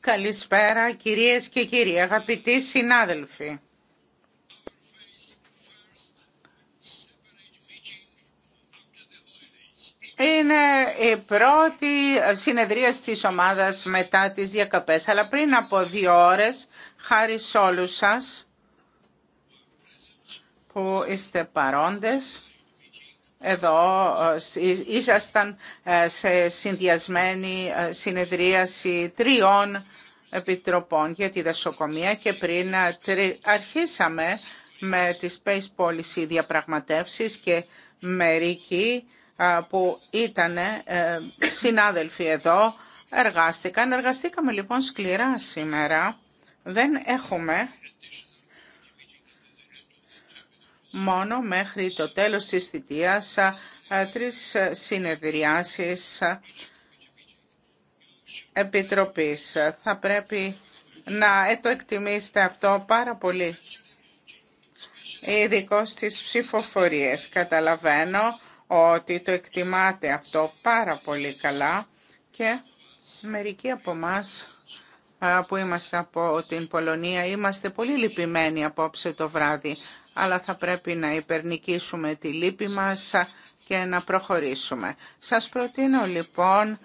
Καλησπέρα, κυρίες και κύριοι, αγαπητοί συνάδελφοι. Είναι η πρώτη συνεδρία της ομάδας μετά τις διακαπές, αλλά πριν από δύο ώρες, χάρη σε όλους σας, που είστε παρόντες εδώ ε, ήσασταν ε, σε συνδυασμένη ε, συνεδρίαση τριών επιτροπών για τη δασοκομεία και πριν αρχίσαμε με τις Space Policy διαπραγματεύσεις και μερικοί που ήταν συνάδελφοι εδώ εργάστηκαν. Εργαστήκαμε λοιπόν σκληρά σήμερα. Δεν έχουμε μόνο μέχρι το τέλος της θητείας τρεις συνεδριάσεις επιτροπής. Θα πρέπει να ε, το εκτιμήσετε αυτό πάρα πολύ. Ειδικό στις ψηφοφορίες. Καταλαβαίνω ότι το εκτιμάτε αυτό πάρα πολύ καλά και μερικοί από εμά που είμαστε από την Πολωνία είμαστε πολύ λυπημένοι απόψε το βράδυ αλλά θα πρέπει να υπερνικήσουμε τη λύπη μας και να προχωρήσουμε. Σας προτείνω λοιπόν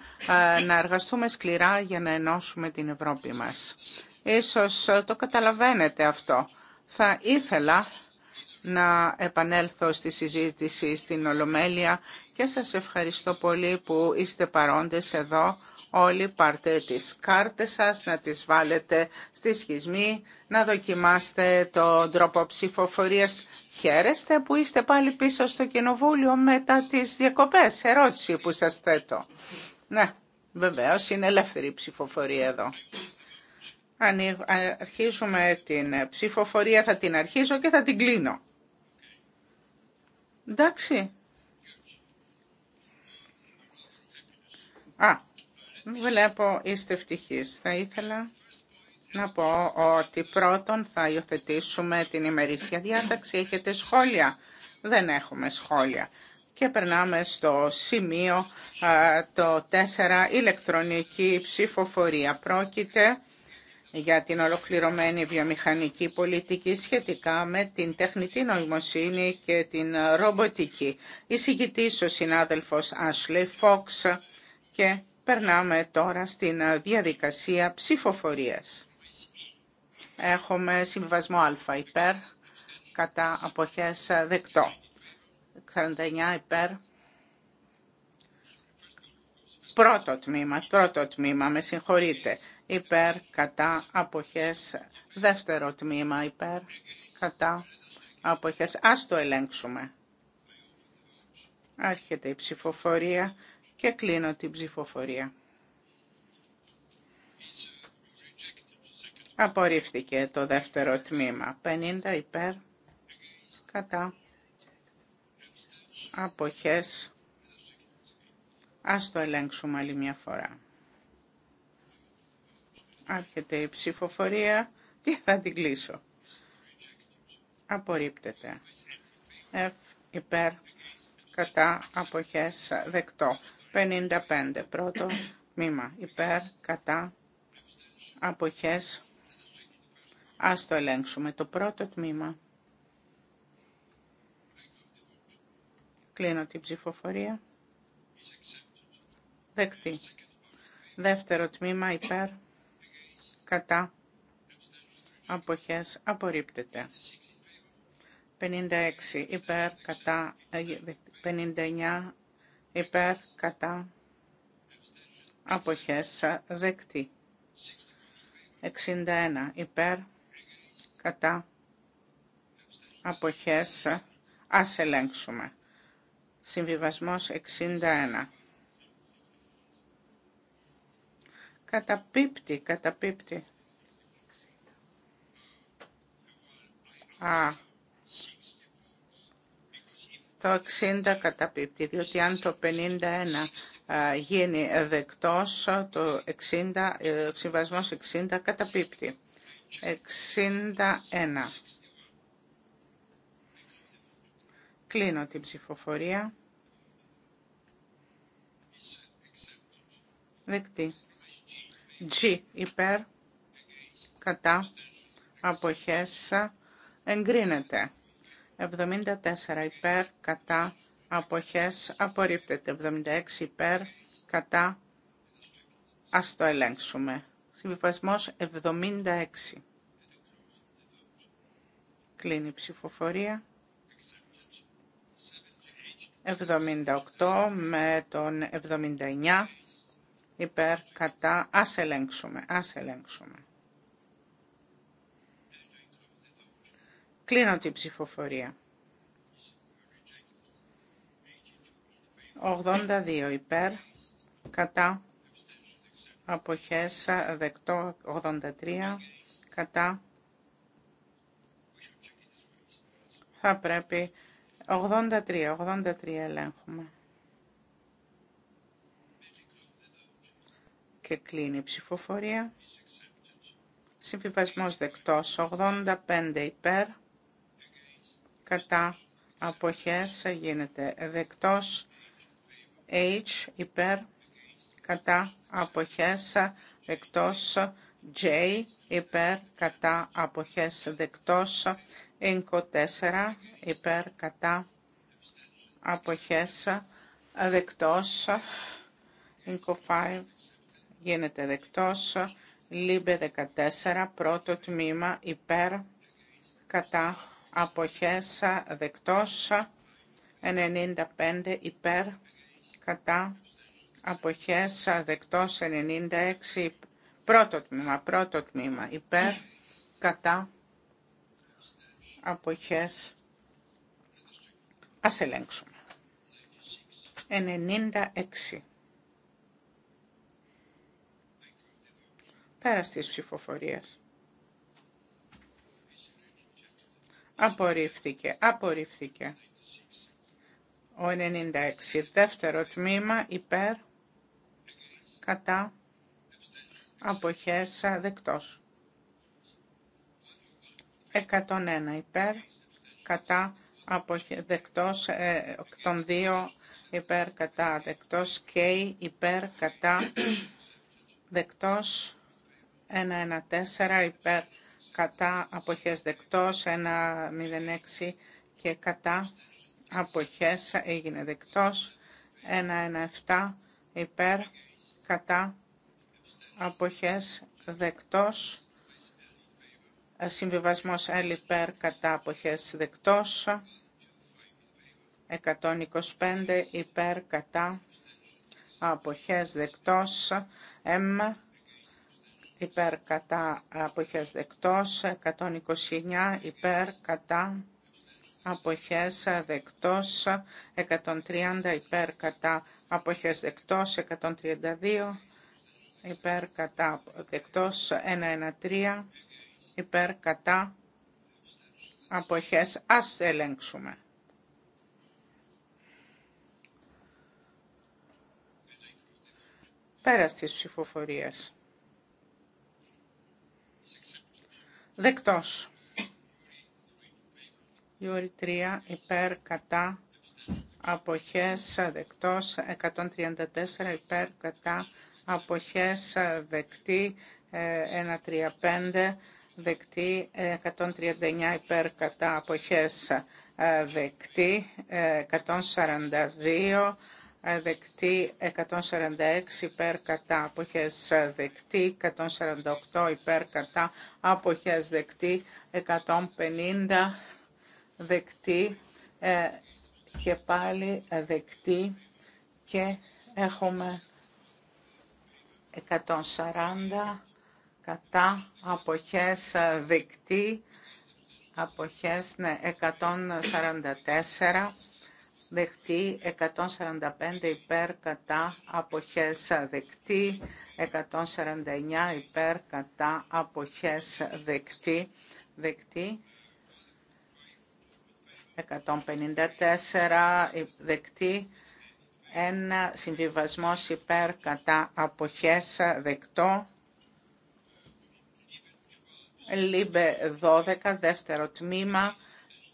να εργαστούμε σκληρά για να ενώσουμε την Ευρώπη μας. Ίσως το καταλαβαίνετε αυτό. Θα ήθελα να επανέλθω στη συζήτηση στην Ολομέλεια και σας ευχαριστώ πολύ που είστε παρόντες εδώ Όλοι πάρτε τις κάρτες σας, να τις βάλετε στη σχισμή, να δοκιμάστε τον τρόπο ψηφοφορίας. Χαίρεστε που είστε πάλι πίσω στο κοινοβούλιο μετά τις διακοπές. Ερώτηση που σας θέτω. Ναι, βεβαίως είναι ελεύθερη η ψηφοφορία εδώ. Αν αρχίζουμε την ψηφοφορία θα την αρχίζω και θα την κλείνω. Εντάξει. Α, Βλέπω είστε ευτυχείς. Θα ήθελα να πω ότι πρώτον θα υιοθετήσουμε την ημερήσια διάταξη. Έχετε σχόλια. Δεν έχουμε σχόλια. Και περνάμε στο σημείο το 4, ηλεκτρονική ψηφοφορία. Πρόκειται για την ολοκληρωμένη βιομηχανική πολιτική σχετικά με την τεχνητή νοημοσύνη και την ρομποτική. Εισηγητής ο συνάδελφος Ashley Fox και Περνάμε τώρα στην ε, διαδικασία ψηφοφορίας. Έχουμε συμβιβασμό α υπέρ, κατά αποχές ε, δεκτό. 49 υπέρ. Πρώτο τμήμα, πρώτο τμήμα, με συγχωρείτε. Υπέρ, κατά, αποχές, δεύτερο τμήμα, υπέρ, κατά, αποχές. Ας το ελέγξουμε. Άρχεται η ψηφοφορία και κλείνω την ψηφοφορία. Απορρίφθηκε το δεύτερο τμήμα. 50 υπέρ, κατά, αποχές. Ας το ελέγξουμε άλλη μια φορά. Άρχεται η ψηφοφορία και θα την κλείσω. Απορρίπτεται. F υπέρ, κατά, αποχές, δεκτό. 55. Πρώτο τμήμα. Υπέρ, κατά, αποχές. Ας το ελέγξουμε. Το πρώτο τμήμα. Κλείνω την ψηφοφορία. Δεκτή. Δεύτερο τμήμα υπέρ, κατά, αποχές, απορρίπτεται. 56 υπέρ, κατά, 59 ε, υπέρ, κατά, αποχές, δεκτή. 61 υπέρ, κατά, αποχές, ας ελέγξουμε. Συμβιβασμός 61. Καταπίπτει, καταπίπτει. Α, το 60 καταπίπτει, διότι αν το 51 γίνει δεκτός, το 60, ε, ο συμβασμός 60 καταπίπτει. 61. Κλείνω την ψηφοφορία. Δεκτή. G υπέρ, κατά, Αποχέσα. εγκρίνεται. 74 υπέρ, κατά, αποχές, απορρίπτεται. 76 υπέρ, κατά, ας το ελέγξουμε. Συμβιβασμός 76. Κλείνει η ψηφοφορία. 78 με τον 79 υπέρ κατά ας ελέγξουμε, ας ελέγξουμε. Κλείνω την ψηφοφορία. 82 υπέρ, κατά, αποχές, δεκτό, 83, κατά, θα πρέπει, 83, 83 ελέγχουμε. Και κλείνει η ψηφοφορία. Συμφιβασμός δεκτός, 85 υπέρ, κατά αποχές γίνεται δεκτός H υπέρ κατά αποχές δεκτός J υπέρ κατά αποχές δεκτός ΕΝΚΟ 4 υπέρ κατά αποχές δεκτός ΕΝΚΟ 5 γίνεται δεκτός ΛΥΜΠΕ 14 πρώτο τμήμα υπέρ κατά αποχές δεκτός 95 υπέρ κατά αποχές δεκτός 96 πρώτο τμήμα πρώτο τμήμα υπέρ κατά αποχές ας ελέγξουμε 96 πέρα στις ψηφοφορίες Απορρίφθηκε. Απορρίφθηκε. Ο 96. Δεύτερο τμήμα υπέρ. Κατά. αποχέσα, Δεκτός. 101 υπέρ. Κατά. Δεκτό Δεκτός. Ε, των δύο υπέρ. Κατά. Δεκτός. Καίει. υπέρ. Κατά. Δεκτός. 114 υπέρ κατά αποχές δεκτός, 1.06 και κατά αποχές έγινε δεκτός, 1.17 υπέρ κατά αποχές δεκτός, συμβιβασμός L υπέρ κατά αποχές δεκτός, 125 υπέρ κατά αποχές δεκτός, M υπέρ κατά αποχές δεκτός, 129 υπέρ κατά αποχές δεκτός, 130 υπέρ κατά αποχές δεκτός, 132 υπέρ κατά δεκτός, 113 υπέρ κατά αποχές. Ας ελέγξουμε. Πέρα στις ψηφοφορίες. Δεκτός. Γιούρι 3 υπέρ κατά αποχές δεκτός 134 υπέρ κατά αποχές δεκτή 135 ε, δεκτή 139 ε, υπέρ κατά αποχές ε, δεκτή 142 δεκτή 146 υπέρ κατά αποχές δεκτή, 148 υπέρ κατά αποχές δεκτή, 150 δεκτή ε, και πάλι δεκτή και έχουμε 140 κατά αποχές δεκτή, αποχές ναι, 144 δεκτή 145 υπέρ κατά αποχές δεκτή 149 υπέρ κατά αποχές δεκτή δεκτή 154 δεκτή ένα συμβιβασμός υπέρ κατά αποχές δεκτό Λίμπε 12 δεύτερο τμήμα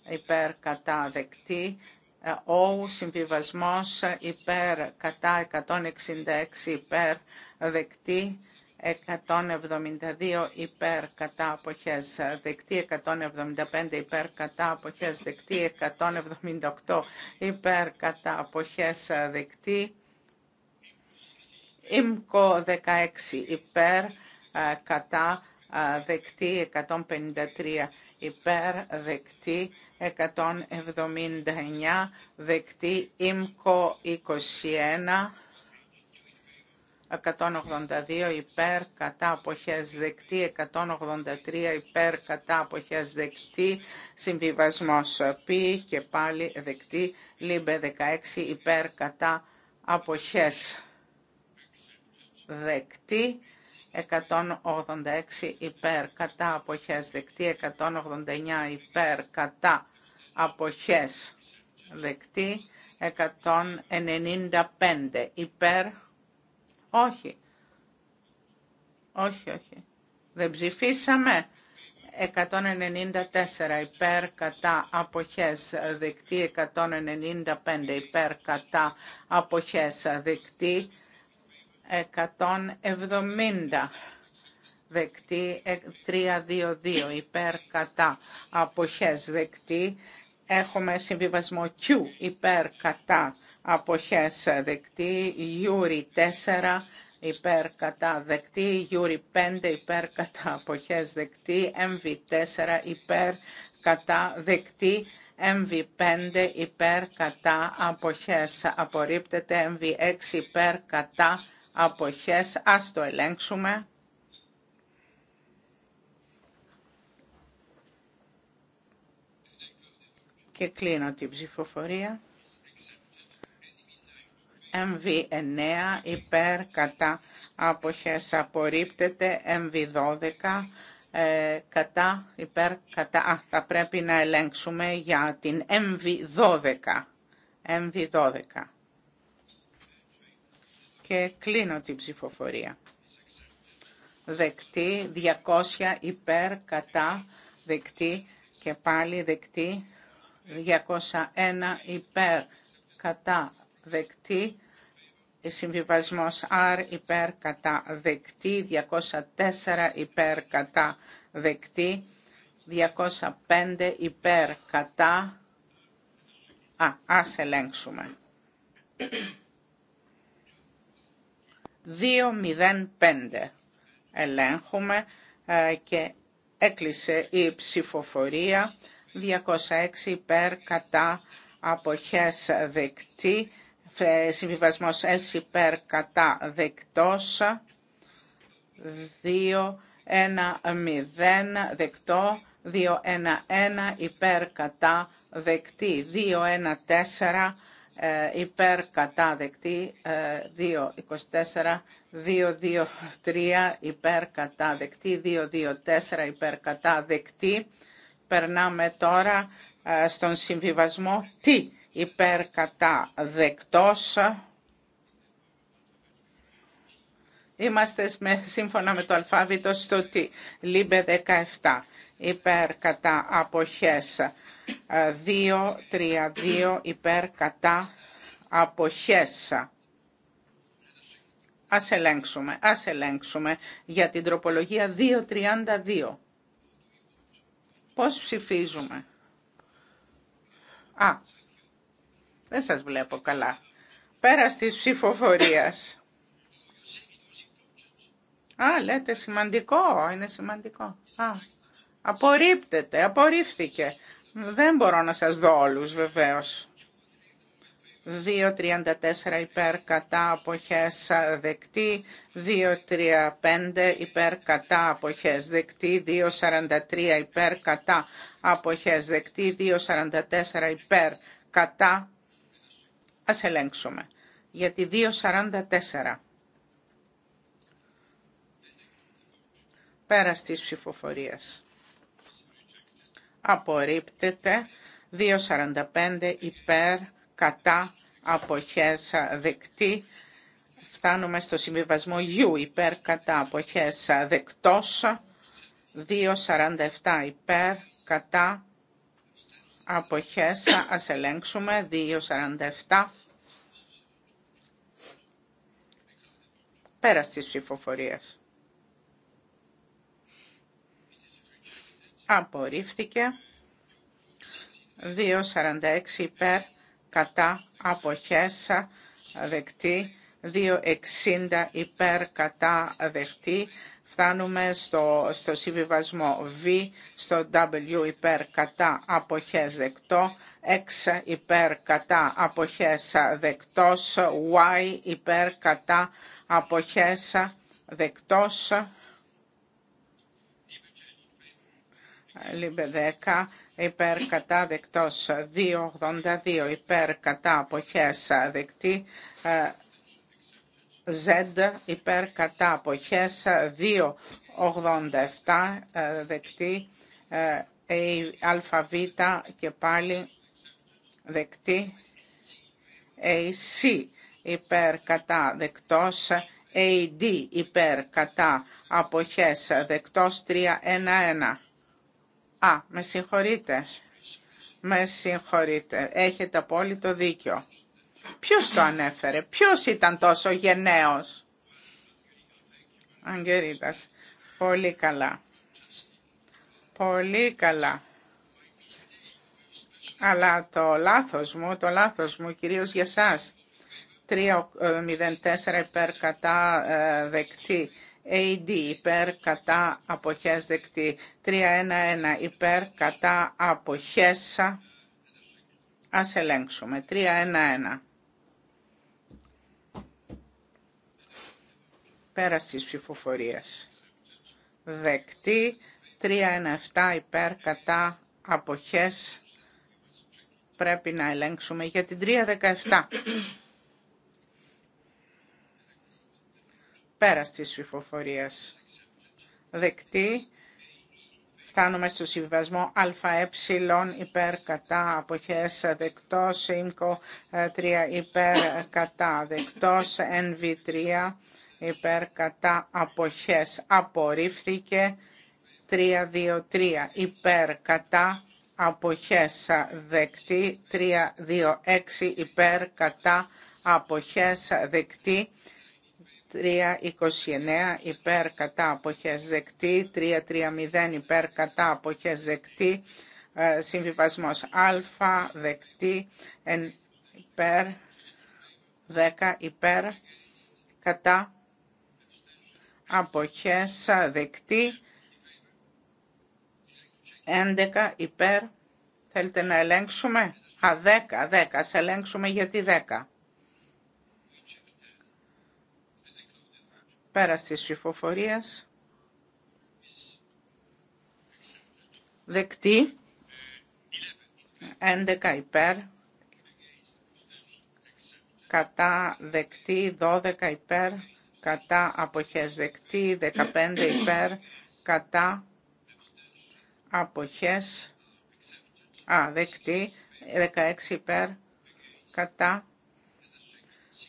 υπέρ κατά δεκτή ε, ο συμβιβασμός υπέρ κατά 166 υπέρ δεκτή 172 υπέρ κατά αποχές δεκτή, 175 υπέρ κατά αποχές δεκτή, 178 υπέρ κατά αποχές δεκτή, ΙΜΚΟ 16 υπέρ ε, κατά ε, δεκτή, 153 υπέρ δεκτή, 179 δεκτή, ΙΜΚΟ 21, 182 υπέρ κατά αποχές δεκτή, 183 υπέρ κατά αποχές δεκτή, συμβιβασμός π και πάλι δεκτή, λίμπε 16 υπέρ κατά αποχές δεκτή, 186 υπέρ κατά αποχές δεκτή, 189 υπέρ κατά αποχές δεκτή, 195 υπέρ, όχι, όχι, όχι, δεν ψηφίσαμε. 194 υπέρ κατά αποχές δεκτή, 195 υπέρ κατά αποχές δεκτή, 170 δεκτη 322 κατά αποχές δεκτή έχουμε συμβιβασμό Q υπέρ κατά αποχές δεκτή Γιούρι 4 υπέρ κατά δεκτή Γιούρι 5 υπέρ κατά αποχές δεκτή MV4 υπέρ κατά δεκτή MV5 υπέρ κατά αποχές απορρίπτεται MV6 υπέρ κατά αποχές, ας το ελέγξουμε. Και κλείνω την ψηφοφορία. MV9 υπέρ κατά αποχές απορρίπτεται, MV12 ε, κατά υπέρ κατά, α, θα πρέπει να ελέγξουμε για την MV12, MV12 και κλείνω την ψηφοφορία. Δεκτή, 200 υπέρ, κατά, δεκτή και πάλι δεκτή, 201 υπέρ, κατά, δεκτή, συμβιβασμός R υπέρ, κατά, δεκτή, 204 υπέρ, κατά, δεκτή, 205 υπέρ, κατά, α, ας ελέγξουμε. 205. Ελέγχουμε ε, και έκλεισε η ψηφοφορία 206 υπέρ κατά αποχές δεκτή, ε, συμβιβασμός S υπέρ κατά δεκτός, 2, 1, 0 δεκτό, 2, 1, 1 υπέρ κατά δεκτή, 2, 1, 4 ε, υπέρ κατά δεκτή 2, 24, 2, 2, 3 υπέρ κατά δεκτή, 2, 2, 4 υπέρ κατά δεκτή. Περνάμε τώρα ε, στον συμβιβασμό τι υπέρ κατά Είμαστε σύμφωνα με το αλφάβητο στο τι. Λίμπε 17 υπέρ κατά αποχές 2-3-2 ε, υπέρ κατά αποχές. Ας ελέγξουμε, ας ελέγξουμε για την τροπολογία 2 2.32. Πώς ψηφίζουμε. Α, δεν σας βλέπω καλά. Πέρα της ψηφοφορίας. Α, λέτε σημαντικό, είναι σημαντικό. Α, απορρίπτεται, απορρίφθηκε. Δεν μπορώ να σας δω όλους βεβαίως. 2.34 υπέρ κατά αποχές δεκτή, 2.35 υπέρ κατά αποχές δεκτή, 2.43 υπέρ κατά αποχές δεκτή, 2.44 υπέρ κατά. Ας ελέγξουμε. Γιατί 2.44. Πέρα της ψηφοφορίας απορρίπτεται 2.45 υπέρ κατά αποχές δεκτή. Φτάνουμε στο συμβιβασμό U υπέρ κατά αποχές δεκτός 2.47 υπέρ κατά αποχές ας ελέγξουμε 2.47 πέρα της ψηφοφορίας. απορρίφθηκε. 2.46 υπέρ κατά αποχέσα δεκτή. 2.60 υπέρ κατά δεκτή. Φτάνουμε στο, στο συμβιβασμό V στο W υπέρ κατά αποχές δεκτό, X υπέρ κατά αποχές δεκτός, Y υπέρ κατά αποχές δεκτός, Λίμπε 10 υπέρ κατά δεκτός 2.82 υπέρ κατά αποχές δεκτή Z ε, υπέρ κατά αποχές 2.87 ε, δεκτή ε, ΑΒ και πάλι δεκτή AC υπέρ κατά δεκτός AD υπέρ κατά αποχές δεκτός 3.1.1 Α, με συγχωρείτε. Με συγχωρείτε. Έχετε απόλυτο δίκιο. Ποιος το ανέφερε, ποιος ήταν τόσο γενναίος. Αγγερίτας. Πολύ καλά. Πολύ καλά. Αλλά το λάθος μου, το λάθος μου κυρίως για σας. 304 ε, υπέρ κατά ε, δεκτή. AD υπέρ κατά αποχές δεκτή. 3-1-1 υπέρ κατά αποχές ας ελέγξουμε. 3-1-1. Πέρα της ψηφοφορίας. Δεκτή. 3-1-7 υπέρ κατά αποχές. Πρέπει να ελέγξουμε για την 3-17. Πέρας της ψηφοφορίας. Δεκτή. Φτάνουμε στο συμβιβασμό ΑΕ υπέρ κατά αποχές δεκτός, ΙΜΚΟ 3 ε, υπέρ κατά ΕΝΒ NV3 υπέρ κατά αποχές απορρίφθηκε, 3-2-3 υπέρ κατά αποχές δεκτή, 3-2-6 υπέρ κατά αποχές δεκτή, 3.29 υπέρ κατά αποχές δεκτή, 3.30 υπέρ κατά αποχές δεκτή, ε, συμβιβασμός α δεκτή, εν, υπέρ, 10 υπέρ κατά αποχές δεκτή, 11 υπέρ, θέλετε να ελέγξουμε, α 10, 10, ας ελέγξουμε γιατί 10. Πέρας της ψηφοφορίας. Δεκτή. 11 υπέρ. Κατά δεκτή. 12 υπέρ. Κατά αποχές δεκτή. 15 υπέρ. Κατά αποχές. Α, δεκτή. 16 υπέρ. Κατά.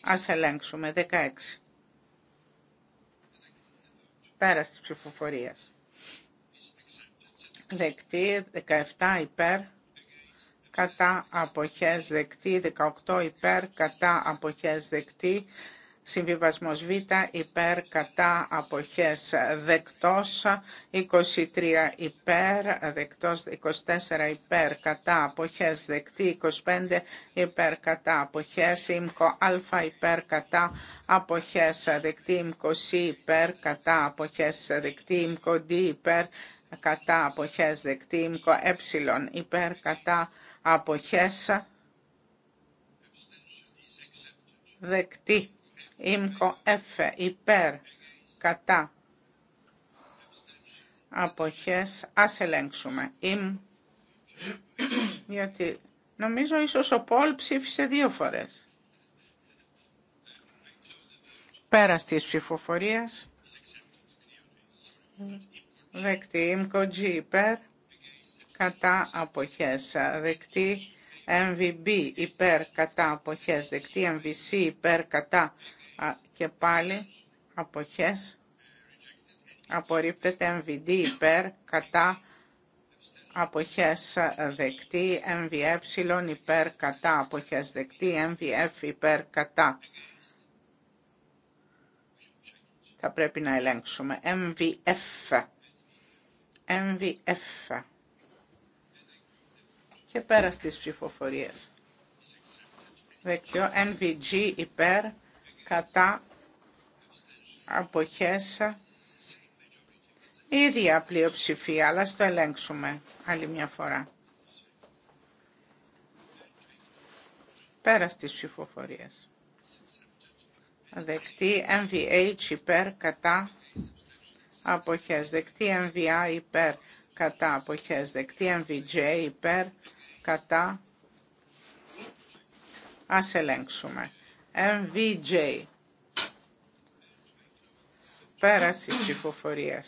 Ας ελέγξουμε. 16 πέρα τη ψηφοφορία. Δεκτή 17 υπέρ κατά αποχές δεκτή, 18 υπέρ κατά αποχές δεκτή, Συμβιβασμός Β υπέρ κατά αποχές δεκτός, 23 υπέρ δεκτός, 24 υπέρ κατά αποχές δεκτή, 25 υπέρ κατά αποχές, ΙΜΚΟ Α υπέρ κατά αποχές δεκτή, ΙΜΚΟ Σ υπέρ κατά αποχές δεκτή, ΙΜΚΟ Δ υπέρ κατά αποχές δεκτή, ΙΜΚΟ Ε υπέρ κατά αποχές δεκτή. Ήμχο F υπέρ κατά αποχές. Ας ελέγξουμε. Γιατί νομίζω ίσως ο Πολ ψήφισε δύο φορές. Πέρα της ψηφοφορίας. Δεκτή ΙΜΚΟ G υπέρ κατά αποχές. Δεκτή MVB υπέρ κατά αποχές. Δεκτή MVC υπέρ κατά και πάλι αποχές απορρίπτεται MVD ε, ε υπέρ κατά αποχές δεκτή MVE υπέρ κατά αποχές δεκτή MVF υπέρ κατά θα πρέπει να ελέγξουμε MVF MVF και πέρα στις ψηφοφορίες Δεκτή, NVG υπέρ κατά αποχές η ίδια πλειοψηφία, αλλά στο ελέγξουμε άλλη μια φορά. Πέρα στις ψηφοφορίες. Δεκτή MVH υπέρ κατά αποχές. Δεκτή MVI υπέρ κατά αποχές. Δεκτή MVJ υπέρ κατά ας ελέγξουμε. MVJ. Πέραση ψηφοφορία.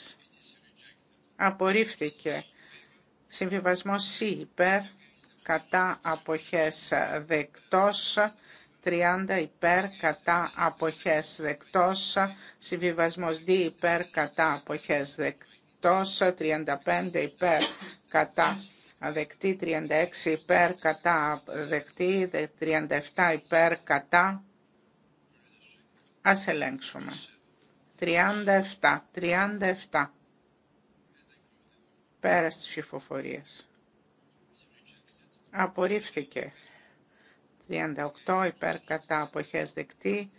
Απορρίφθηκε. Συμβιβασμό C υπέρ, κατά αποχές δεκτός. 30 υπέρ κατά αποχές δεκτός, συμβιβασμός D υπέρ κατά αποχές δεκτός, 35 υπέρ κατά δεκτή, 36 υπέρ κατά δεκτή, 37 υπέρ κατά Ας ελέγξουμε. 37. 37. Πέρα στις ψηφοφορίας. Απορρίφθηκε. 38 υπέρ κατά αποχές δεκτή.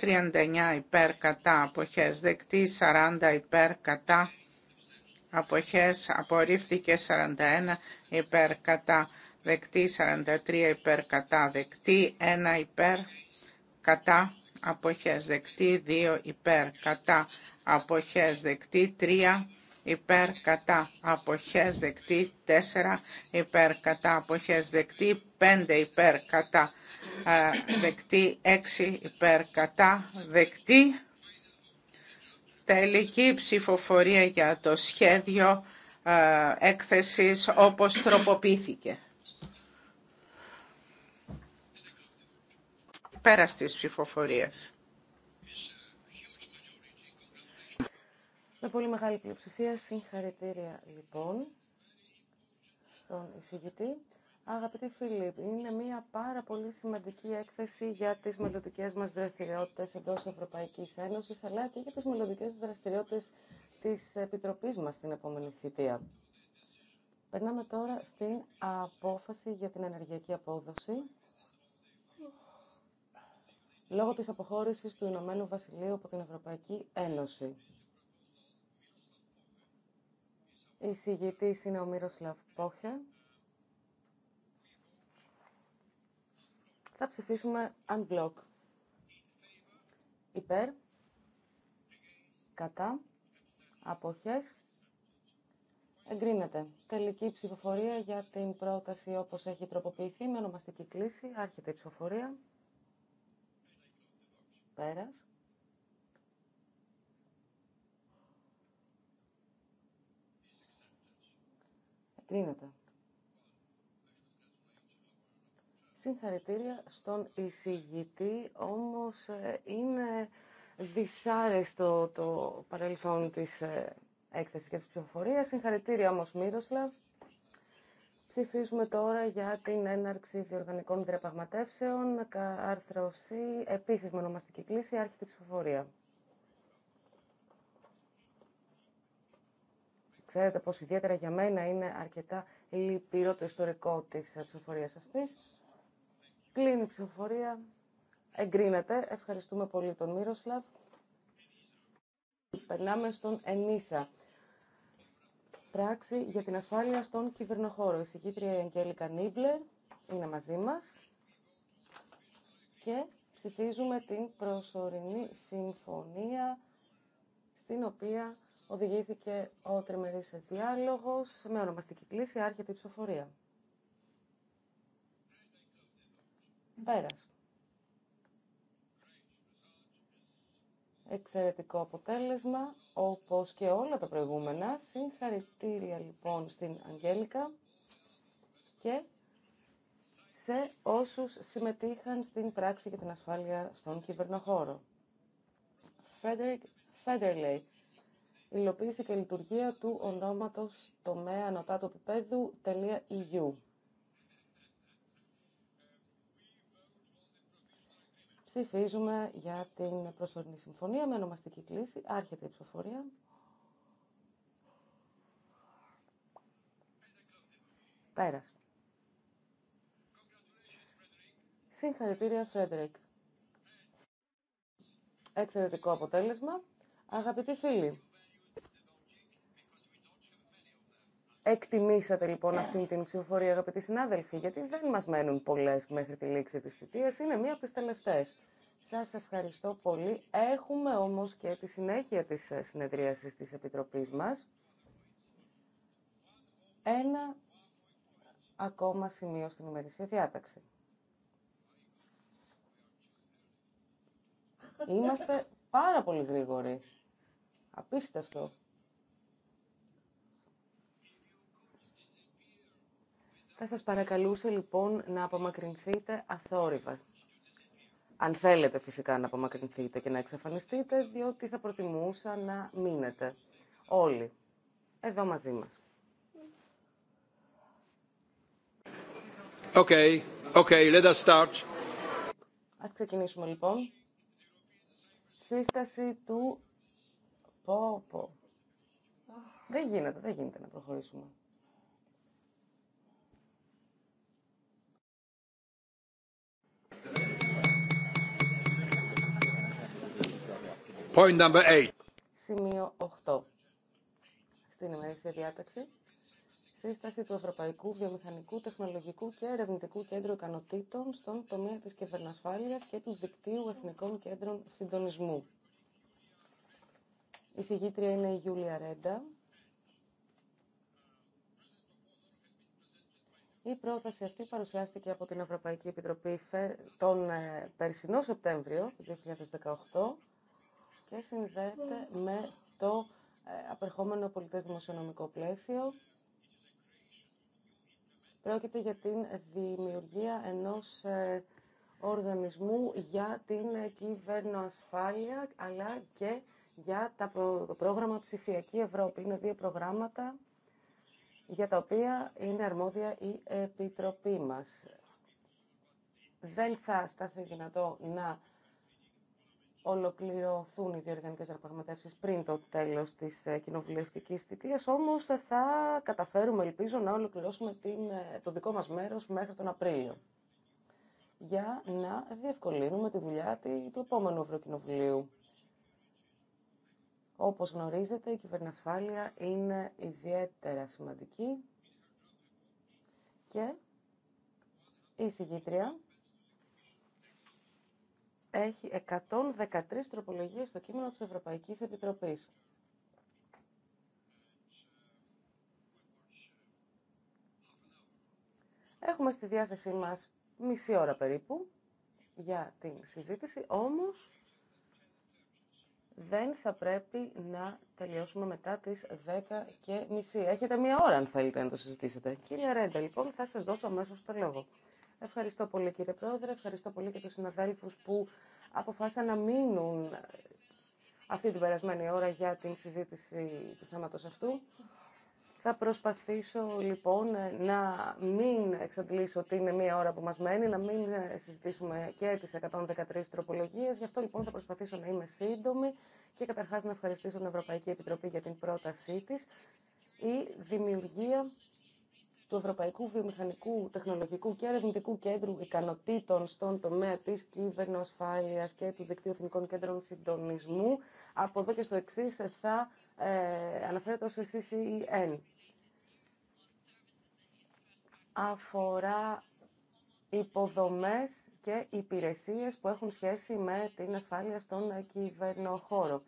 39 υπέρ κατά αποχές δεκτή. 40 υπέρ κατά αποχές απορρίφθηκε. 41 υπέρ κατά δεκτή. 43 υπέρ κατά δεκτή. 1 υπέρ κατά αποχές δεκτή, 2 υπέρ κατά αποχές δεκτή, 3 υπέρ κατά αποχές δεκτή, 4 υπέρ κατά αποχές δεκτή, 5 υπέρ κατά ε, δεκτή, 6 υπέρ κατά δεκτή. Τελική ψηφοφορία για το σχέδιο ε, έκθεσης όπως τροποποιήθηκε. Πέραστης της ψηφοφορίας. Με πολύ μεγάλη πλειοψηφία, συγχαρητήρια λοιπόν στον εισηγητή. Αγαπητοί φίλοι, είναι μια πάρα πολύ σημαντική έκθεση για τις μελλοντικέ μας δραστηριότητες εντός Ευρωπαϊκής Ένωσης, αλλά και για τις μελλοντικέ δραστηριότητες της Επιτροπής μας στην επόμενη θητεία. Περνάμε τώρα στην απόφαση για την ενεργειακή απόδοση λόγω της αποχώρησης του Ηνωμένου Βασιλείου από την Ευρωπαϊκή Ένωση. Η συγητής είναι ο Μύροσλαβ Πόχε. Θα ψηφίσουμε unblock. Υπέρ, κατά, αποχές, εγκρίνεται. Τελική ψηφοφορία για την πρόταση όπως έχει τροποποιηθεί με ονομαστική κλίση. Άρχεται η ψηφοφορία. Πέρας. Συγχαρητήρια στον εισηγητή, όμως ε, είναι δυσάρεστο το παρελθόν της ε, έκθεσης και της ψηφοφορίας. Συγχαρητήρια όμως Μύροσλαβ. Ψηφίζουμε τώρα για την έναρξη διοργανικών διαπραγματεύσεων. Άρθρο C, επίση με ονομαστική κλίση, άρχιτη ψηφοφορία. Ξέρετε πως ιδιαίτερα για μένα είναι αρκετά λυπηρό το ιστορικό της ψηφοφορία αυτής. Κλείνει η ψηφοφορία. Εγκρίνεται. Ευχαριστούμε πολύ τον Μύροσλαβ. Περνάμε στον Ενίσα πράξη για την ασφάλεια στον κυβερνοχώρο. Η συγκήτρια Εγγέλικα Νίμπλερ είναι μαζί μας και ψηφίζουμε την προσωρινή συμφωνία στην οποία οδηγήθηκε ο τριμερής διάλογος με ονομαστική κλίση άρχεται η ψηφοφορία. Εξαιρετικό αποτέλεσμα όπως και όλα τα προηγούμενα. Συγχαρητήρια λοιπόν στην Αγγέλικα και σε όσους συμμετείχαν στην πράξη για την ασφάλεια στον κυβερνοχώρο. Φρέντερικ Φέντερλεϊ, υλοποίηση και λειτουργία του ονόματος τομέα ανωτάτου επίπεδου.eu. Ψηφίζουμε για την προσωρινή συμφωνία με ονομαστική κλίση. Άρχεται η ψηφοφορία. Πέρασε. Συγχαρητήρια, Φρέντερικ. Εξαιρετικό αποτέλεσμα. Αγαπητοί φίλοι, εκτιμήσατε λοιπόν αυτή την ψηφοφορία, αγαπητοί συνάδελφοι, γιατί δεν μας μένουν πολλές μέχρι τη λήξη της θητείας, είναι μία από τις τελευταίες. Σας ευχαριστώ πολύ. Έχουμε όμως και τη συνέχεια της ε, συνεδρίασης τη επιτροπή μας. Ένα ακόμα σημείο στην ημερησία διάταξη. Είμαστε πάρα πολύ γρήγοροι. Απίστευτο. Θα σας παρακαλούσε, λοιπόν να απομακρυνθείτε αθόρυβα. Αν θέλετε φυσικά να απομακρυνθείτε και να εξαφανιστείτε, διότι θα προτιμούσα να μείνετε όλοι εδώ μαζί μας. Okay, okay, let us start. Ας ξεκινήσουμε λοιπόν. Σύσταση του... Πόπο. Δεν γίνεται, δεν γίνεται να προχωρήσουμε. Point 8. Σημείο 8. Στην ημερήσια διάταξη. Σύσταση του Ευρωπαϊκού Βιομηχανικού, Τεχνολογικού και Ερευνητικού Κέντρου Ικανοτήτων στον τομέα της κυβερνασφάλειας και του δικτύου Εθνικών Κέντρων Συντονισμού. Η συγγήτρια είναι η Γιούλια Ρέντα. Η πρόταση αυτή παρουσιάστηκε από την Ευρωπαϊκή Επιτροπή τον ε, περσινό Σεπτέμβριο του 2018 και συνδέεται με το ε, απερχόμενο πολιτές δημοσιονομικό πλαίσιο. Πρόκειται για την δημιουργία ενός ε, οργανισμού για την ε, ασφάλεια, αλλά και για τα το πρόγραμμα Ψηφιακή Ευρώπη. Είναι δύο προγράμματα για τα οποία είναι αρμόδια η Επιτροπή μας. Δεν θα σταθεί δυνατό να ολοκληρωθούν οι διοργανικές διαπραγματεύσεις πριν το τέλος της ε, κοινοβουλευτικής θητείας, όμως ε, θα καταφέρουμε, ελπίζω, να ολοκληρώσουμε την, ε, το δικό μας μέρος μέχρι τον Απρίλιο για να διευκολύνουμε τη δουλειά του επόμενου Ευρωκοινοβουλίου. Όπως γνωρίζετε, η κυβερνασφάλεια είναι ιδιαίτερα σημαντική και η συγκήτρια έχει 113 τροπολογίες στο κείμενο της Ευρωπαϊκής Επιτροπής. Έχουμε στη διάθεσή μας μισή ώρα περίπου για την συζήτηση, όμως δεν θα πρέπει να τελειώσουμε μετά τις 10 και μισή. Έχετε μία ώρα αν θέλετε να το συζητήσετε. Κύριε Ρέντα, λοιπόν, θα σας δώσω αμέσως το λόγο. Ευχαριστώ πολύ κύριε Πρόεδρε, ευχαριστώ πολύ και τους συναδέλφους που αποφάσισαν να μείνουν αυτή την περασμένη ώρα για την συζήτηση του θέματος αυτού. Θα προσπαθήσω λοιπόν να μην εξαντλήσω ότι είναι μία ώρα που μας μένει, να μην συζητήσουμε και τις 113 τροπολογίες. Γι' αυτό λοιπόν θα προσπαθήσω να είμαι σύντομη και καταρχάς να ευχαριστήσω την Ευρωπαϊκή Επιτροπή για την πρότασή της. Η δημιουργία του Ευρωπαϊκού Βιομηχανικού, Τεχνολογικού και Ερευνητικού Κέντρου Ικανοτήτων στον τομέα τη κυβερνοασφάλεια και του Δικτύου Εθνικών Κέντρων Συντονισμού. Από εδώ και στο εξή θα ε, αναφέρεται ω CCEN. Αφορά υποδομές και υπηρεσίες που έχουν σχέση με την ασφάλεια στον κυβερνοχώρο.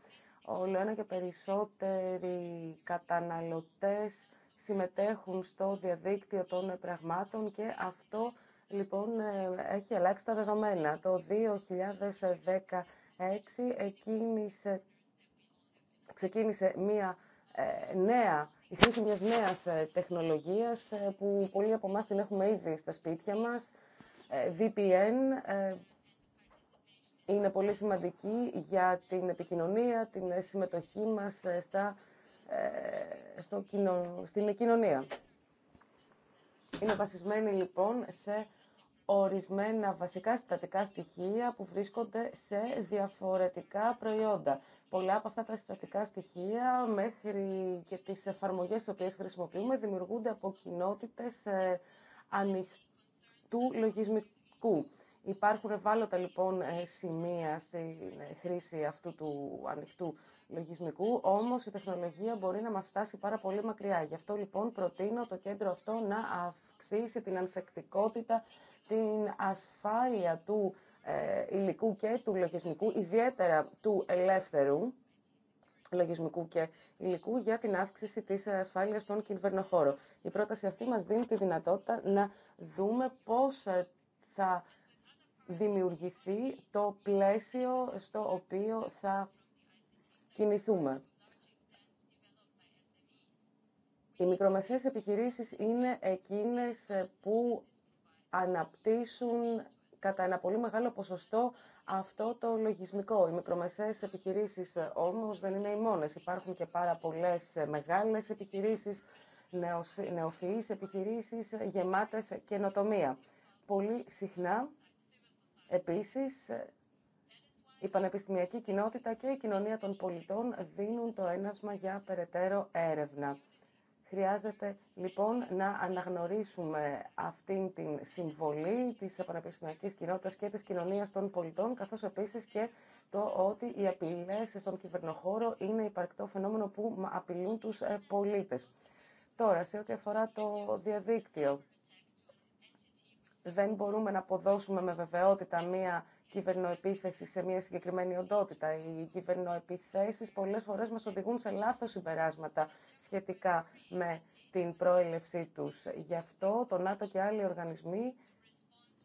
Όλο ένα και περισσότεροι καταναλωτές συμμετέχουν στο διαδίκτυο των πραγμάτων και αυτό λοιπόν ε, έχει αλλάξει τα δεδομένα. Το 2016 ξεκίνησε μία ε, νέα, η χρήση μιας νέας ε, τεχνολογίας που πολλοί από εμά την έχουμε ήδη στα σπίτια μας. VPN είναι πολύ σημαντική για την επικοινωνία, την συμμετοχή μας στα ε, στο κοινο... στην κοινωνία. Είναι βασισμένη λοιπόν σε ορισμένα βασικά συστατικά στοιχεία που βρίσκονται σε διαφορετικά προϊόντα. Πολλά από αυτά τα συστατικά στοιχεία μέχρι και τις εφαρμογές τις οποίες χρησιμοποιούμε δημιουργούνται από κοινότητες ε, ανοιχτού λογισμικού. Υπάρχουν ευάλωτα λοιπόν ε, σημεία στη χρήση αυτού του ανοιχτού λογισμικού, όμως η τεχνολογία μπορεί να μας φτάσει πάρα πολύ μακριά. Γι' αυτό λοιπόν προτείνω το κέντρο αυτό να αυξήσει την ανθεκτικότητα, την ασφάλεια του ε, υλικού και του λογισμικού, ιδιαίτερα του ελεύθερου λογισμικού και υλικού για την αύξηση της ασφάλειας στον κυβερνοχώρο. Η πρόταση αυτή μας δίνει τη δυνατότητα να δούμε πώς ε, θα δημιουργηθεί το πλαίσιο στο οποίο θα κινηθούμε. Οι μικρομεσαίες επιχειρήσεις είναι εκείνες ε, που αναπτύσσουν κατά ένα πολύ μεγάλο ποσοστό αυτό το λογισμικό. Οι μικρομεσαίες επιχειρήσεις ε, όμως δεν είναι οι μόνες. Υπάρχουν και πάρα πολλές ε, μεγάλες επιχειρήσεις, νεοφυείς επιχειρήσεις γεμάτες καινοτομία. Πολύ συχνά, επίσης, η πανεπιστημιακή κοινότητα και η κοινωνία των πολιτών δίνουν το ένασμα για περαιτέρω έρευνα. Χρειάζεται λοιπόν να αναγνωρίσουμε αυτήν την συμβολή της πανεπιστημιακής κοινότητας και της κοινωνίας των πολιτών, καθώς επίσης και το ότι οι απειλές στον κυβερνοχώρο είναι υπαρκτό φαινόμενο που απειλούν τους ε, πολίτες. Τώρα, σε ό,τι αφορά το διαδίκτυο, δεν μπορούμε να αποδώσουμε με βεβαιότητα μία κυβερνοεπίθεση σε μια συγκεκριμένη οντότητα. Οι κυβερνοεπιθέσεις πολλές φορές μας οδηγούν σε λάθος συμπεράσματα σχετικά με την προέλευσή τους. Γι' αυτό το ΝΑΤΟ και άλλοι οργανισμοί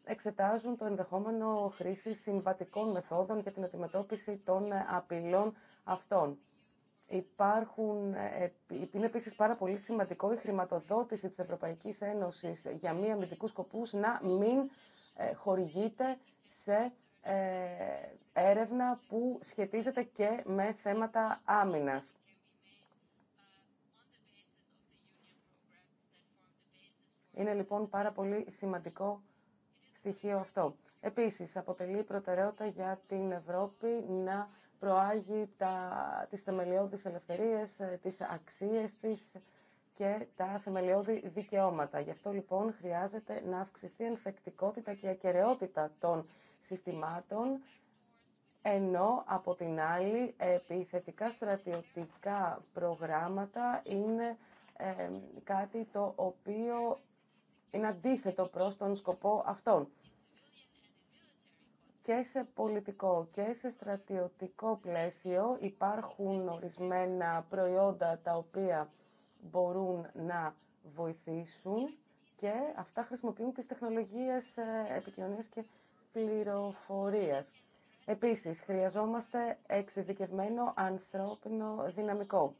εξετάζουν το ενδεχόμενο χρήση συμβατικών μεθόδων για την αντιμετώπιση των απειλών αυτών. Υπάρχουν, είναι επίση πάρα πολύ σημαντικό η χρηματοδότηση της Ευρωπαϊκής Ένωσης για μη αμυντικούς σκοπούς να μην ε, χορηγείται σε ε, έρευνα που σχετίζεται και με θέματα άμυνας. Είναι λοιπόν πάρα πολύ σημαντικό στοιχείο αυτό. Επίσης, αποτελεί προτεραιότητα για την Ευρώπη να προάγει τα, τις θεμελιώδεις ελευθερίες, ε, τις αξίες της και τα θεμελιώδη δικαιώματα. Γι' αυτό λοιπόν χρειάζεται να αυξηθεί η και η ακεραιότητα των συστημάτων, ενώ από την άλλη επιθετικά στρατιωτικά προγράμματα είναι κάτι το οποίο είναι αντίθετο προς τον σκοπό αυτών. Και σε πολιτικό και σε στρατιωτικό πλαίσιο υπάρχουν ορισμένα προϊόντα τα οποία μπορούν να βοηθήσουν και αυτά χρησιμοποιούν τις τεχνολογίες ε, επικοινωνίας και πληροφορίας. Επίσης, χρειαζόμαστε εξειδικευμένο ανθρώπινο δυναμικό.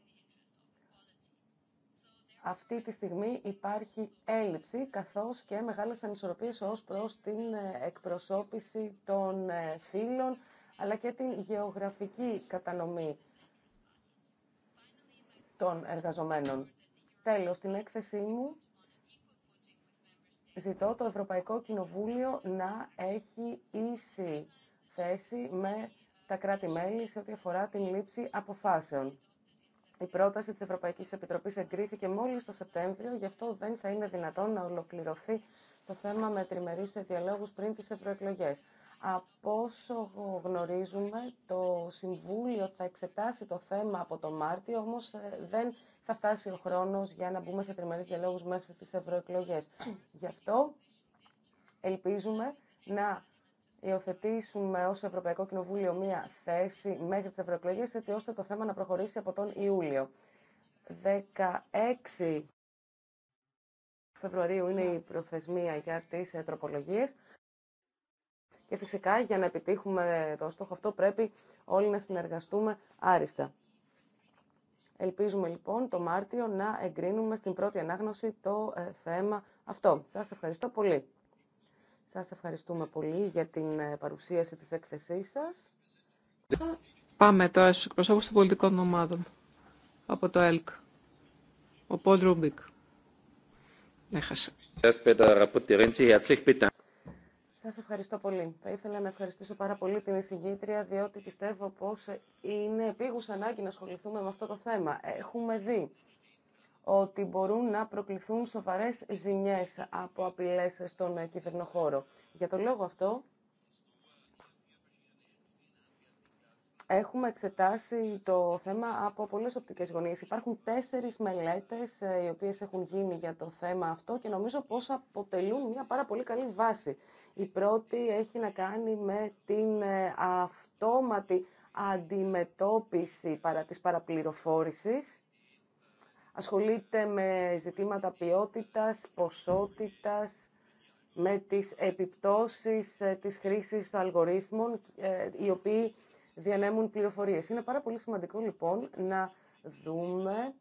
Αυτή τη στιγμή υπάρχει έλλειψη καθώς και μεγάλες ανισορροπίες ως προς την ε, εκπροσώπηση των ε, φύλων αλλά και την γεωγραφική κατανομή των εργαζομένων. Τέλος, την έκθεσή μου ζητώ το Ευρωπαϊκό Κοινοβούλιο να έχει ίση θέση με τα κράτη-μέλη σε ό,τι αφορά την λήψη αποφάσεων. Η πρόταση της Ευρωπαϊκής Επιτροπής εγκρίθηκε μόλις το Σεπτέμβριο, γι' αυτό δεν θα είναι δυνατόν να ολοκληρωθεί το θέμα με τριμερείς διαλόγους πριν τις ευρωεκλογέ. Από όσο γνωρίζουμε, το Συμβούλιο θα εξετάσει το θέμα από το Μάρτιο, όμως ε, δεν θα φτάσει ο χρόνος για να μπούμε σε τριμερεί διαλόγου μέχρι τις ευρωεκλογέ. Γι' αυτό ελπίζουμε να υιοθετήσουμε ως Ευρωπαϊκό Κοινοβούλιο μία θέση μέχρι τις ευρωεκλογέ έτσι ώστε το θέμα να προχωρήσει από τον Ιούλιο. 16 Φεβρουαρίου είναι η προθεσμία για τις ε, τροπολογίες. Και φυσικά για να επιτύχουμε το στόχο αυτό πρέπει όλοι να συνεργαστούμε άριστα. Ελπίζουμε λοιπόν το Μάρτιο να εγκρίνουμε στην πρώτη ανάγνωση το ε, θέμα αυτό. Σας ευχαριστώ πολύ. Σας ευχαριστούμε πολύ για την ε, παρουσίαση της έκθεσής σας. Πάμε τώρα στους εκπροσώπους των πολιτικών ομάδων από το ΕΛΚ. Ο Πολ Ρούμπικ. Έχασε. Σας ευχαριστώ πολύ. Θα ήθελα να ευχαριστήσω πάρα πολύ την εισηγήτρια, διότι πιστεύω πως είναι επίγουσα ανάγκη να ασχοληθούμε με αυτό το θέμα. Έχουμε δει ότι μπορούν να προκληθούν σοβαρές ζημιές από απειλές στον κυβερνοχώρο. Για τον λόγο αυτό, έχουμε εξετάσει το θέμα από πολλές οπτικές γωνίες. Υπάρχουν τέσσερις μελέτες ε, οι οποίες έχουν γίνει για το θέμα αυτό και νομίζω πως αποτελούν μια πάρα πολύ καλή βάση η πρώτη έχει να κάνει με την ε, αυτόματη αντιμετώπιση παρά της παραπληροφόρησης. Ασχολείται με ζητήματα ποιότητας, ποσότητας, με τις επιπτώσεις ε, της χρήσης αλγορίθμων, ε, οι οποίοι διανέμουν πληροφορίες. Είναι πάρα πολύ σημαντικό, λοιπόν, να δούμε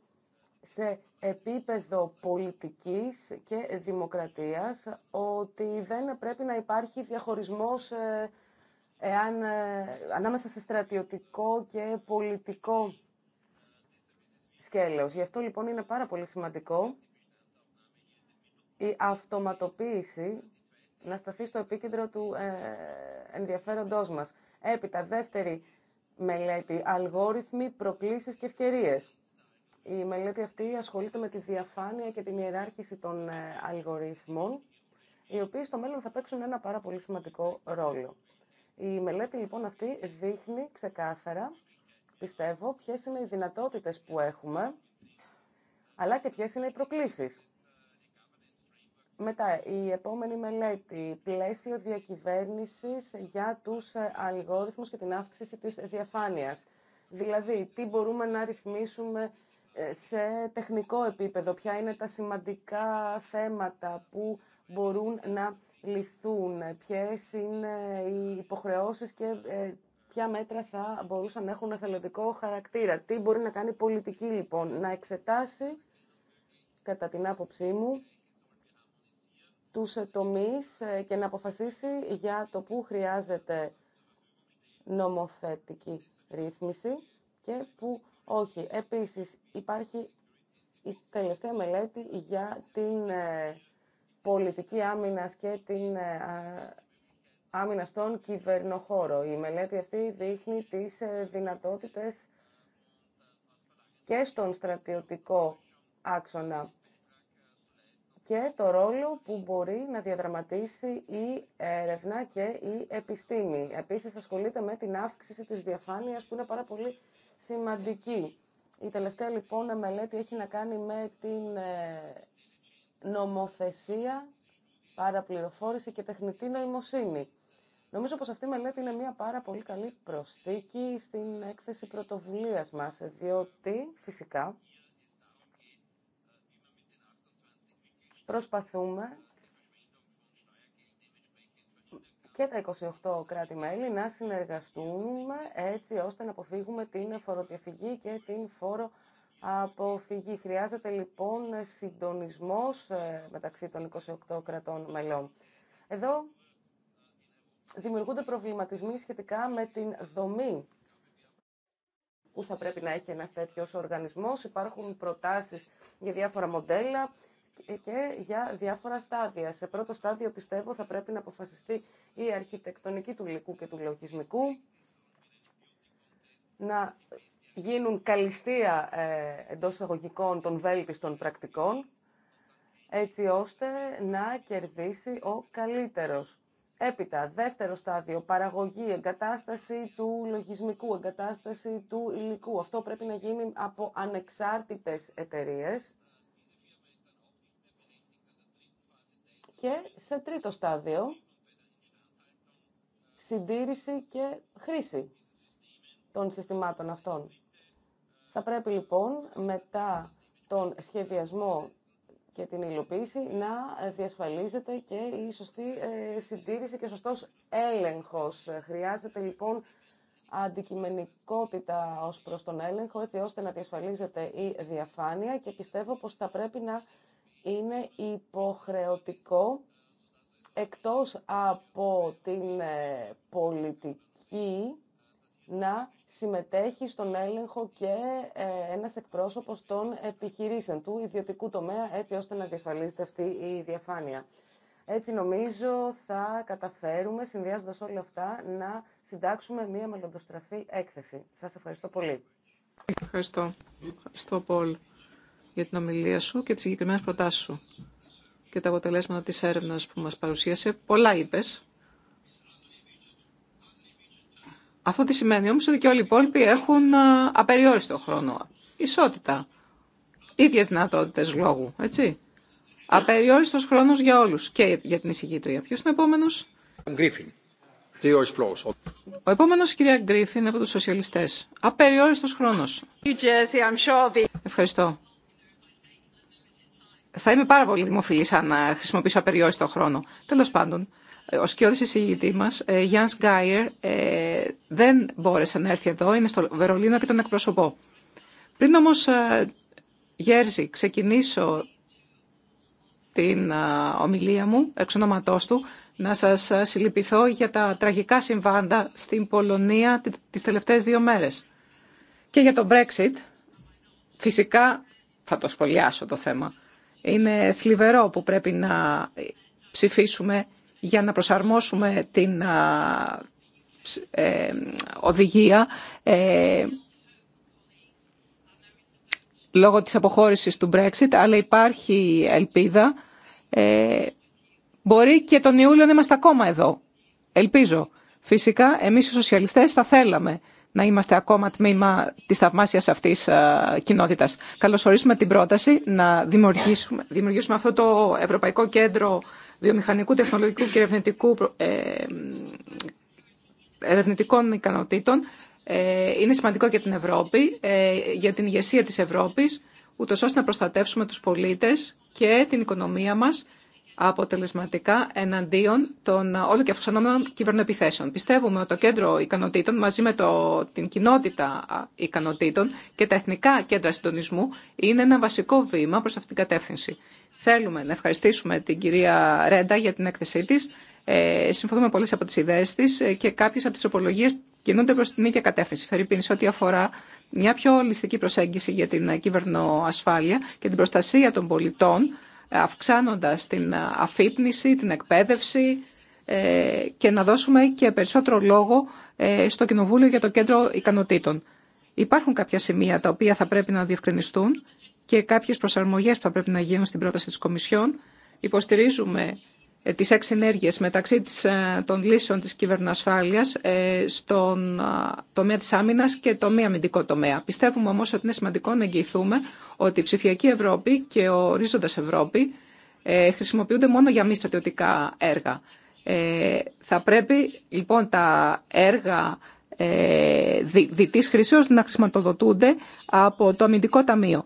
σε επίπεδο πολιτικής και δημοκρατίας ότι δεν πρέπει να υπάρχει διαχωρισμός ε, εάν, ε, ανάμεσα σε στρατιωτικό και πολιτικό σκέλος. Γι' αυτό λοιπόν είναι πάρα πολύ σημαντικό η αυτοματοποίηση να σταθεί στο επίκεντρο του ε, ενδιαφέροντός μας. Έπειτα, δεύτερη μελέτη, αλγόριθμοι, προκλήσεις και ευκαιρίες. Η μελέτη αυτή ασχολείται με τη διαφάνεια και την ιεράρχηση των ε, αλγοριθμών, οι οποίοι στο μέλλον θα παίξουν ένα πάρα πολύ σημαντικό ρόλο. Η μελέτη λοιπόν αυτή δείχνει ξεκάθαρα, πιστεύω, ποιες είναι οι δυνατότητες που έχουμε, αλλά και ποιες είναι οι προκλήσεις. Μετά, η επόμενη μελέτη, πλαίσιο διακυβέρνησης για τους ε, αλγόριθμους και την αύξηση της διαφάνειας. Δηλαδή, τι μπορούμε να ρυθμίσουμε ε, σε τεχνικό επίπεδο, ποια είναι τα σημαντικά θέματα που μπορούν να λυθούν, ποιες είναι οι υποχρεώσεις και ε, ποια μέτρα θα μπορούσαν να έχουν εθελοντικό χαρακτήρα. Τι μπορεί να κάνει η πολιτική λοιπόν, να εξετάσει, κατά την άποψή μου, τους ε, τομείς και να αποφασίσει για το που χρειάζεται νομοθετική ρύθμιση και που όχι. Επίσης, υπάρχει η τελευταία μελέτη για την ε, πολιτική άμυνας και την ε, άμυνα στον κυβερνοχώρο. Η μελέτη αυτή δείχνει τις ε, δυνατότητες και στον στρατιωτικό άξονα και το ρόλο που μπορεί να διαδραματίσει η έρευνα και η επιστήμη. Επίσης ασχολείται με την αύξηση της διαφάνειας που είναι πάρα πολύ σημαντική. Η τελευταία λοιπόν μελέτη έχει να κάνει με την ε, νομοθεσία, παραπληροφόρηση και τεχνητή νοημοσύνη. Νομίζω πως αυτή η μελέτη είναι μια πάρα πολύ καλή προσθήκη στην έκθεση πρωτοβουλίας μας, διότι φυσικά προσπαθούμε και τα 28 κράτη-μέλη να συνεργαστούμε έτσι ώστε να αποφύγουμε την φοροδιαφυγή και την φόρο αποφυγή. Χρειάζεται λοιπόν συντονισμός ε, μεταξύ των 28 κρατών μελών. Εδώ δημιουργούνται προβληματισμοί σχετικά με την δομή που θα πρέπει να έχει ένας τέτοιος οργανισμός. Υπάρχουν προτάσεις για διάφορα μοντέλα ε, και για διάφορα στάδια. Σε πρώτο στάδιο πιστεύω θα πρέπει να αποφασιστεί η αρχιτεκτονική του υλικού και του λογισμικού, να γίνουν καλυστία ε, εντό εισαγωγικών των βέλτιστων πρακτικών, έτσι ώστε να κερδίσει ο καλύτερος. Έπειτα, δεύτερο στάδιο, παραγωγή, εγκατάσταση του λογισμικού, εγκατάσταση του υλικού. Αυτό πρέπει να γίνει από ανεξάρτητες εταιρείες και σε τρίτο στάδιο συντήρηση και χρήση των συστημάτων αυτών. Θα πρέπει λοιπόν μετά τον σχεδιασμό και την υλοποίηση να διασφαλίζεται και η σωστή ε, συντήρηση και σωστός έλεγχος. Χρειάζεται λοιπόν αντικειμενικότητα ως προς τον έλεγχο έτσι ώστε να διασφαλίζεται η διαφάνεια και πιστεύω πως θα πρέπει να είναι υποχρεωτικό εκτός από την ε, πολιτική να συμμετέχει στον έλεγχο και ε, ένας εκπρόσωπος των επιχειρήσεων του ιδιωτικού τομέα, έτσι ώστε να διασφαλίζεται αυτή η διαφάνεια. Έτσι νομίζω θα καταφέρουμε, συνδυάζοντας όλα αυτά, να συντάξουμε μία μελλοντοστραφή έκθεση. Σας ευχαριστώ πολύ. Ευχαριστώ. Ευχαριστώ πολύ για την ομιλία σου και τις συγκεκριμένες προτάσεις σου και τα αποτελέσματα της έρευνας που μας παρουσίασε. Πολλά είπες. Αυτό τι σημαίνει όμως ότι και όλοι οι υπόλοιποι έχουν απεριόριστο χρόνο. Ισότητα. Ίδιες δυνατότητες λόγου, έτσι. Απεριόριστος χρόνος για όλους και για την εισηγήτρια. Ποιος είναι ο επόμενος? Ο επόμενο, κυρία Γκρίφιν, από του σοσιαλιστέ. Απεριόριστο χρόνο. Ευχαριστώ. Θα είμαι πάρα πολύ δημοφιλή αν ε, χρησιμοποιήσω απεριόριστο χρόνο. Τέλο πάντων, ε, ο σκιώδη εισηγητή μα, ε, Γιάνν Γκάιερ, δεν μπόρεσε να έρθει εδώ. Είναι στο Βερολίνο και τον εκπροσωπώ. Πριν όμω, Γέρζη, ξεκινήσω την ομιλία μου εξ ονοματό του να σα συλληπιθώ για τα τραγικά συμβάντα στην Πολωνία τις τελευταίε δύο μέρε. Και για το Brexit, φυσικά θα το σχολιάσω το θέμα. Είναι θλιβερό που πρέπει να ψηφίσουμε για να προσαρμόσουμε την ε, οδηγία ε, λόγω της αποχώρησης του Brexit, αλλά υπάρχει ελπίδα. Ε, μπορεί και τον Ιούλιο να είμαστε ακόμα εδώ. Ελπίζω. Φυσικά, εμείς οι σοσιαλιστές θα θέλαμε να είμαστε ακόμα τμήμα της θαυμάσιας αυτής κοινότητας. ορίσουμε την πρόταση να δημιουργήσουμε, δημιουργήσουμε αυτό το Ευρωπαϊκό Κέντρο Βιομηχανικού, Τεχνολογικού και Ερευνητικού ε, ερευνητικών ικανοτήτων ε, είναι σημαντικό για την Ευρώπη, ε, για την ηγεσία της Ευρώπης, ούτως ώστε να προστατεύσουμε τους πολίτες και την οικονομία μας αποτελεσματικά εναντίον των ε, όλων και αυξανόμενων κυβερνοεπιθέσεων. Πιστεύουμε ότι το κέντρο ικανοτήτων μαζί με το, την κοινότητα ικανοτήτων και τα εθνικά κέντρα συντονισμού είναι ένα βασικό βήμα προς αυτήν την κατεύθυνση. Θέλουμε να ευχαριστήσουμε την κυρία Ρέντα για την έκθεσή της. Ε, συμφωνούμε πολλές από τις ιδέες της ε, και κάποιες από τις οπολογίες κινούνται προς την ίδια κατεύθυνση. Φερρυπίνη ό,τι αφορά μια πιο ολιστική προσέγγιση για την ε, κυβερνοασφάλεια και την προστασία των πολιτών αυξάνοντας την αφύπνιση, την εκπαίδευση ε, και να δώσουμε και περισσότερο λόγο ε, στο Κοινοβούλιο για το Κέντρο Ικανοτήτων. Υπάρχουν κάποια σημεία τα οποία θα πρέπει να διευκρινιστούν και κάποιες προσαρμογές που θα πρέπει να γίνουν στην πρόταση της Κομισιόν. Υποστηρίζουμε ε, τις έξι ενέργειες μεταξύ ε, των λύσεων της κυβερνοασφάλειας ε, στον τομέα της άμυνας και το μη αμυντικό τομέα. Πιστεύουμε όμως ότι είναι σημαντικό να εγγυηθούμε ότι η ψηφιακή Ευρώπη και ο ορίζοντας Ευρώπη χρησιμοποιούνται μόνο για μη στρατιωτικά έργα. Θα πρέπει λοιπόν τα έργα διτής χρήσεως να χρηματοδοτούνται από το αμυντικό ταμείο.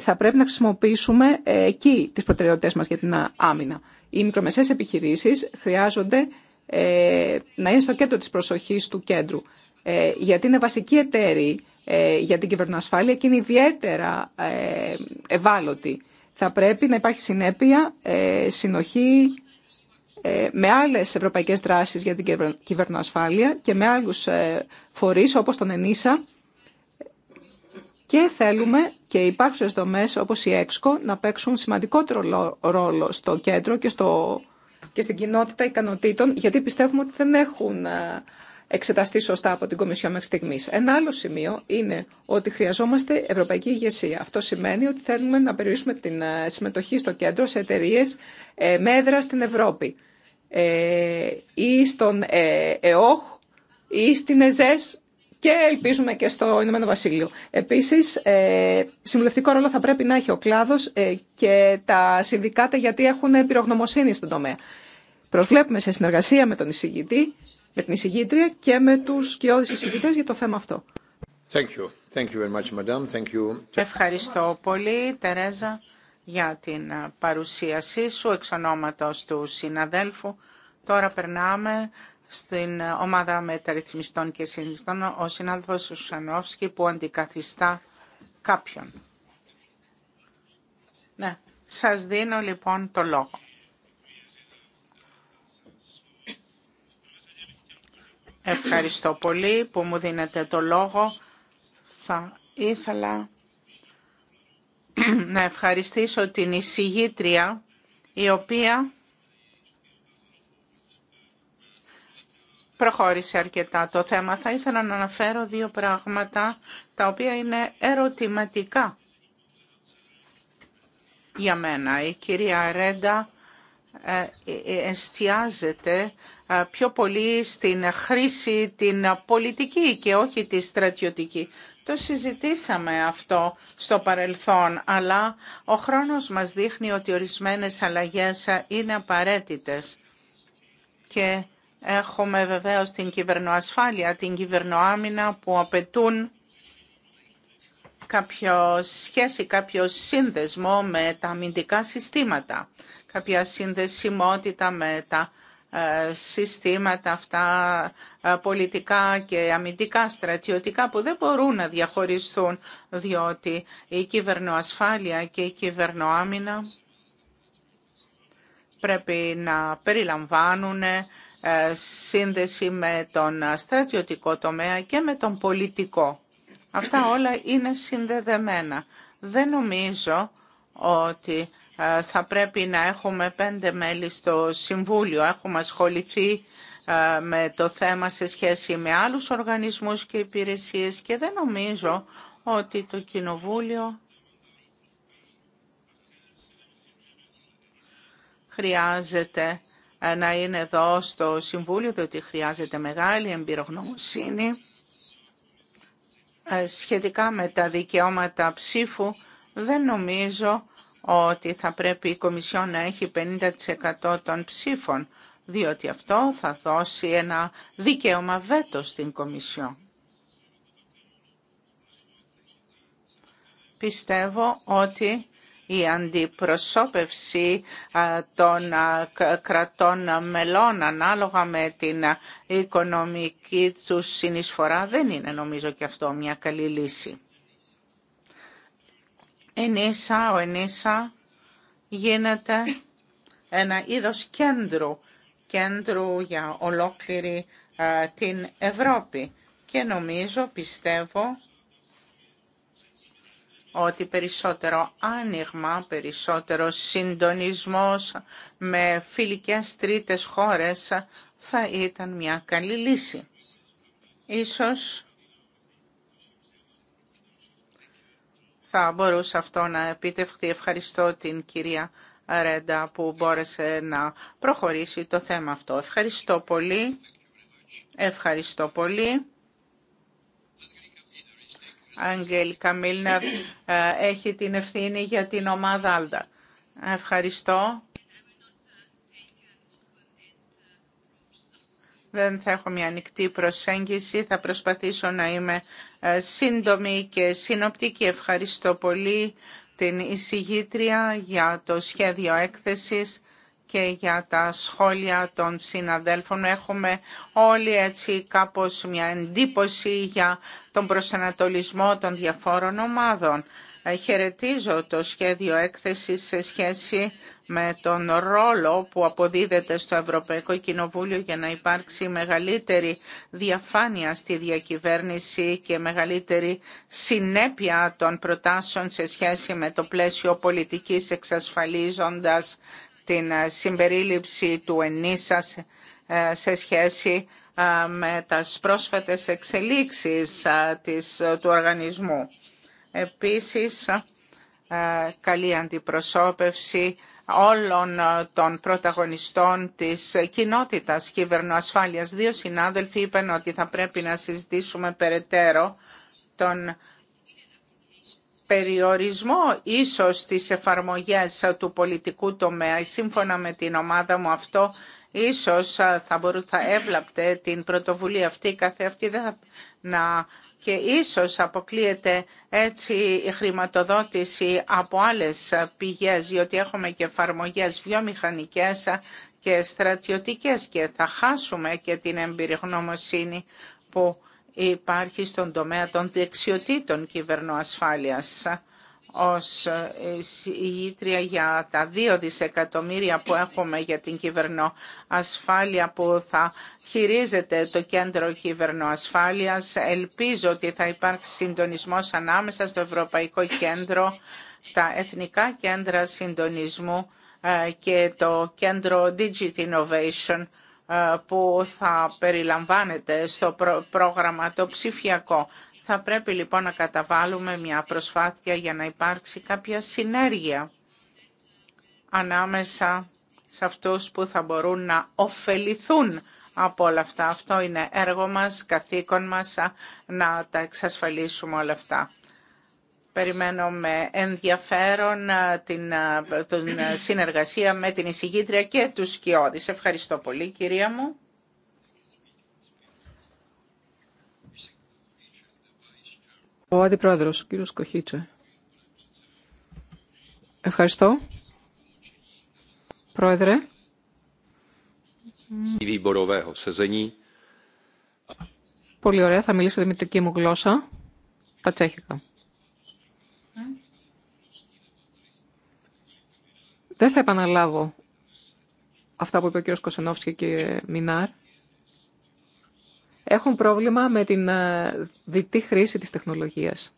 Θα πρέπει να χρησιμοποιήσουμε εκεί τις προτεραιότητες μας για την άμυνα. Οι μικρομεσαίες επιχειρήσεις χρειάζονται ε, να είναι στο κέντρο της προσοχής του κέντρου, ε, γιατί είναι βασική εταίροι ε, για την κυβερνοασφάλεια και είναι ιδιαίτερα ευάλωτοι. Θα πρέπει να υπάρχει συνέπεια, συνοχή με άλλες ευρωπαϊκές δράσεις για την κυβερνοασφάλεια και με άλλους φορείς όπως τον ΕΝΙΣΑ και θέλουμε και οι υπάρχουσες δομές όπως η ΕΞΚΟ να παίξουν σημαντικότερο ρόλο στο κέντρο και, στο, και στην κοινότητα ικανοτήτων γιατί πιστεύουμε ότι δεν έχουν ε, εξεταστεί σωστά από την Κομισιόν μέχρι στιγμής. Ένα άλλο σημείο είναι ότι χρειαζόμαστε ευρωπαϊκή ηγεσία. Αυτό σημαίνει ότι θέλουμε να περιορίσουμε την ε, συμμετοχή στο κέντρο σε εταιρείε ε, με έδρα στην Ευρώπη ή στον ΕΟΧ ή στην ΕΖΕΣ και ελπίζουμε και στο Ηνωμένο Βασίλειο. Επίση, ε, συμβουλευτικό ρόλο θα πρέπει να έχει ο κλάδο ε, και τα συνδικάτα γιατί έχουν πυρογνωμοσύνη στον τομέα. Προσβλέπουμε σε συνεργασία με τον εισηγητή, με την εισηγήτρια και με του κοιόδη εισηγητέ για το θέμα αυτό. Ευχαριστώ πολύ, Τερέζα, για την ε, παρουσίασή σου εξ ονόματος του συναδέλφου. Τώρα περνάμε στην ε, ομάδα μεταρρυθμιστών και συνδυστών ο συνάδελφος Σουσανόφσκι που αντικαθιστά κάποιον. Ναι, σας δίνω λοιπόν το λόγο. Ευχαριστώ πολύ που μου δίνετε το λόγο. Θα ήθελα να ευχαριστήσω την εισηγήτρια η οποία προχώρησε αρκετά το θέμα. Θα ήθελα να αναφέρω δύο πράγματα τα οποία είναι ερωτηματικά για μένα. Η κυρία Ρέντα ε, ε, εστιάζεται ε, πιο πολύ στην χρήση την πολιτική και όχι τη στρατιωτική. Το συζητήσαμε αυτό στο παρελθόν, αλλά ο χρόνος μας δείχνει ότι ορισμένες αλλαγές είναι απαραίτητες και Έχουμε βεβαίως την κυβερνοασφάλεια, την κυβερνοάμυνα που απαιτούν κάποιο σχέση, κάποιο σύνδεσμο με τα αμυντικά συστήματα, κάποια συνδεσιμότητα με τα ε, συστήματα αυτά ε, πολιτικά και αμυντικά, στρατιωτικά που δεν μπορούν να διαχωριστούν διότι η κυβερνοασφάλεια και η κυβερνοάμυνα πρέπει να περιλαμβάνουν ε, σύνδεση με τον στρατιωτικό τομέα και με τον πολιτικό. Αυτά όλα είναι συνδεδεμένα. Δεν νομίζω ότι ε, θα πρέπει να έχουμε πέντε μέλη στο Συμβούλιο. Έχουμε ασχοληθεί ε, με το θέμα σε σχέση με άλλους οργανισμούς και υπηρεσίες και δεν νομίζω ότι το Κοινοβούλιο χρειάζεται ε, να είναι εδώ στο Συμβούλιο, διότι χρειάζεται μεγάλη εμπειρογνωμοσύνη ε, σχετικά με τα δικαιώματα ψήφου. Δεν νομίζω ότι θα πρέπει η Κομισιόν να έχει 50% των ψήφων, διότι αυτό θα δώσει ένα δικαίωμα βέτο στην Κομισιόν. Πιστεύω ότι η αντιπροσώπευση των κρατών μελών ανάλογα με την οικονομική του συνεισφορά δεν είναι νομίζω και αυτό μια καλή λύση. Ενίσα, ο Ενίσα γίνεται ένα είδος κέντρου, κέντρου για ολόκληρη την Ευρώπη. Και νομίζω, πιστεύω, ότι περισσότερο άνοιγμα, περισσότερο συντονισμός με φιλικές τρίτες χώρες θα ήταν μια καλή λύση. Ίσως θα μπορούσε αυτό να επιτευχθεί. Ευχαριστώ την κυρία Ρέντα που μπόρεσε να προχωρήσει το θέμα αυτό. Ευχαριστώ πολύ. Ευχαριστώ πολύ. Αγγέλικα Μίλνερ ε, έχει την ευθύνη για την ομάδα Άλτα. Ευχαριστώ. Δεν θα έχω μια ανοιχτή προσέγγιση. Θα προσπαθήσω να είμαι ε, σύντομη και συνοπτική. Ευχαριστώ πολύ την εισηγήτρια για το σχέδιο έκθεσης και για τα σχόλια των συναδέλφων. Έχουμε όλοι έτσι κάπως μια εντύπωση για τον προσανατολισμό των διαφόρων ομάδων. Ε, χαιρετίζω το σχέδιο έκθεσης σε σχέση με τον ρόλο που αποδίδεται στο Ευρωπαϊκό Κοινοβούλιο για να υπάρξει μεγαλύτερη διαφάνεια στη διακυβέρνηση και μεγαλύτερη συνέπεια των προτάσεων σε σχέση με το πλαίσιο πολιτικής εξασφαλίζοντας την ε, συμπερίληψη του ΕΝΗΣΑ σε ε, σχέση ε, με τις πρόσφατες εξελίξεις της, του οργανισμού. Επίσης, καλή αντιπροσώπευση όλων των πρωταγωνιστών της κοινότητας κυβερνοασφάλειας. Δύο συνάδελφοι είπαν ότι θα πρέπει να συζητήσουμε περαιτέρω τον περιορισμό ίσως της εφαρμογές του πολιτικού τομέα. Σύμφωνα με την ομάδα μου αυτό ίσως θα μπορούσε να έβλαπτε την πρωτοβουλία αυτή καθε να και ίσως αποκλείεται έτσι η χρηματοδότηση από άλλες πηγές, διότι έχουμε και εφαρμογές βιομηχανικές και στρατιωτικές και θα χάσουμε και την εμπειρογνωμοσύνη που υπάρχει στον τομέα των δεξιοτήτων κυβερνοασφάλειας ως ηγήτρια ε, για τα δύο δισεκατομμύρια που έχουμε για την κυβερνοασφάλεια που θα χειρίζεται το κέντρο κυβερνοασφάλειας. Ελπίζω ότι θα υπάρξει συντονισμός ανάμεσα στο Ευρωπαϊκό Κέντρο, τα Εθνικά Κέντρα Συντονισμού ε, και το Κέντρο Digit Innovation ε, που θα περιλαμβάνεται στο πρόγραμμα το ψηφιακό. Θα πρέπει λοιπόν να καταβάλουμε μια προσπάθεια για να υπάρξει κάποια συνέργεια ανάμεσα σε αυτούς που θα μπορούν να ωφεληθούν από όλα αυτά. Αυτό είναι έργο μας, καθήκον μας να τα εξασφαλίσουμε όλα αυτά. Περιμένω με ενδιαφέρον την, συνεργασία με την εισηγήτρια και τους σκιώδεις. Ευχαριστώ πολύ κυρία μου. Ο Αντιπρόεδρος, κύριος Κοχίτσε. Ευχαριστώ. Πρόεδρε. Πολύ ωραία, θα μιλήσω τη μητρική μου γλώσσα, τα τσέχικα. Δεν θα επαναλάβω αυτά που είπε ο κ. Κοσενόφσκι και Μινάρ. Έχουν πρόβλημα με την ε, διπτή χρήση της τεχνολογίας.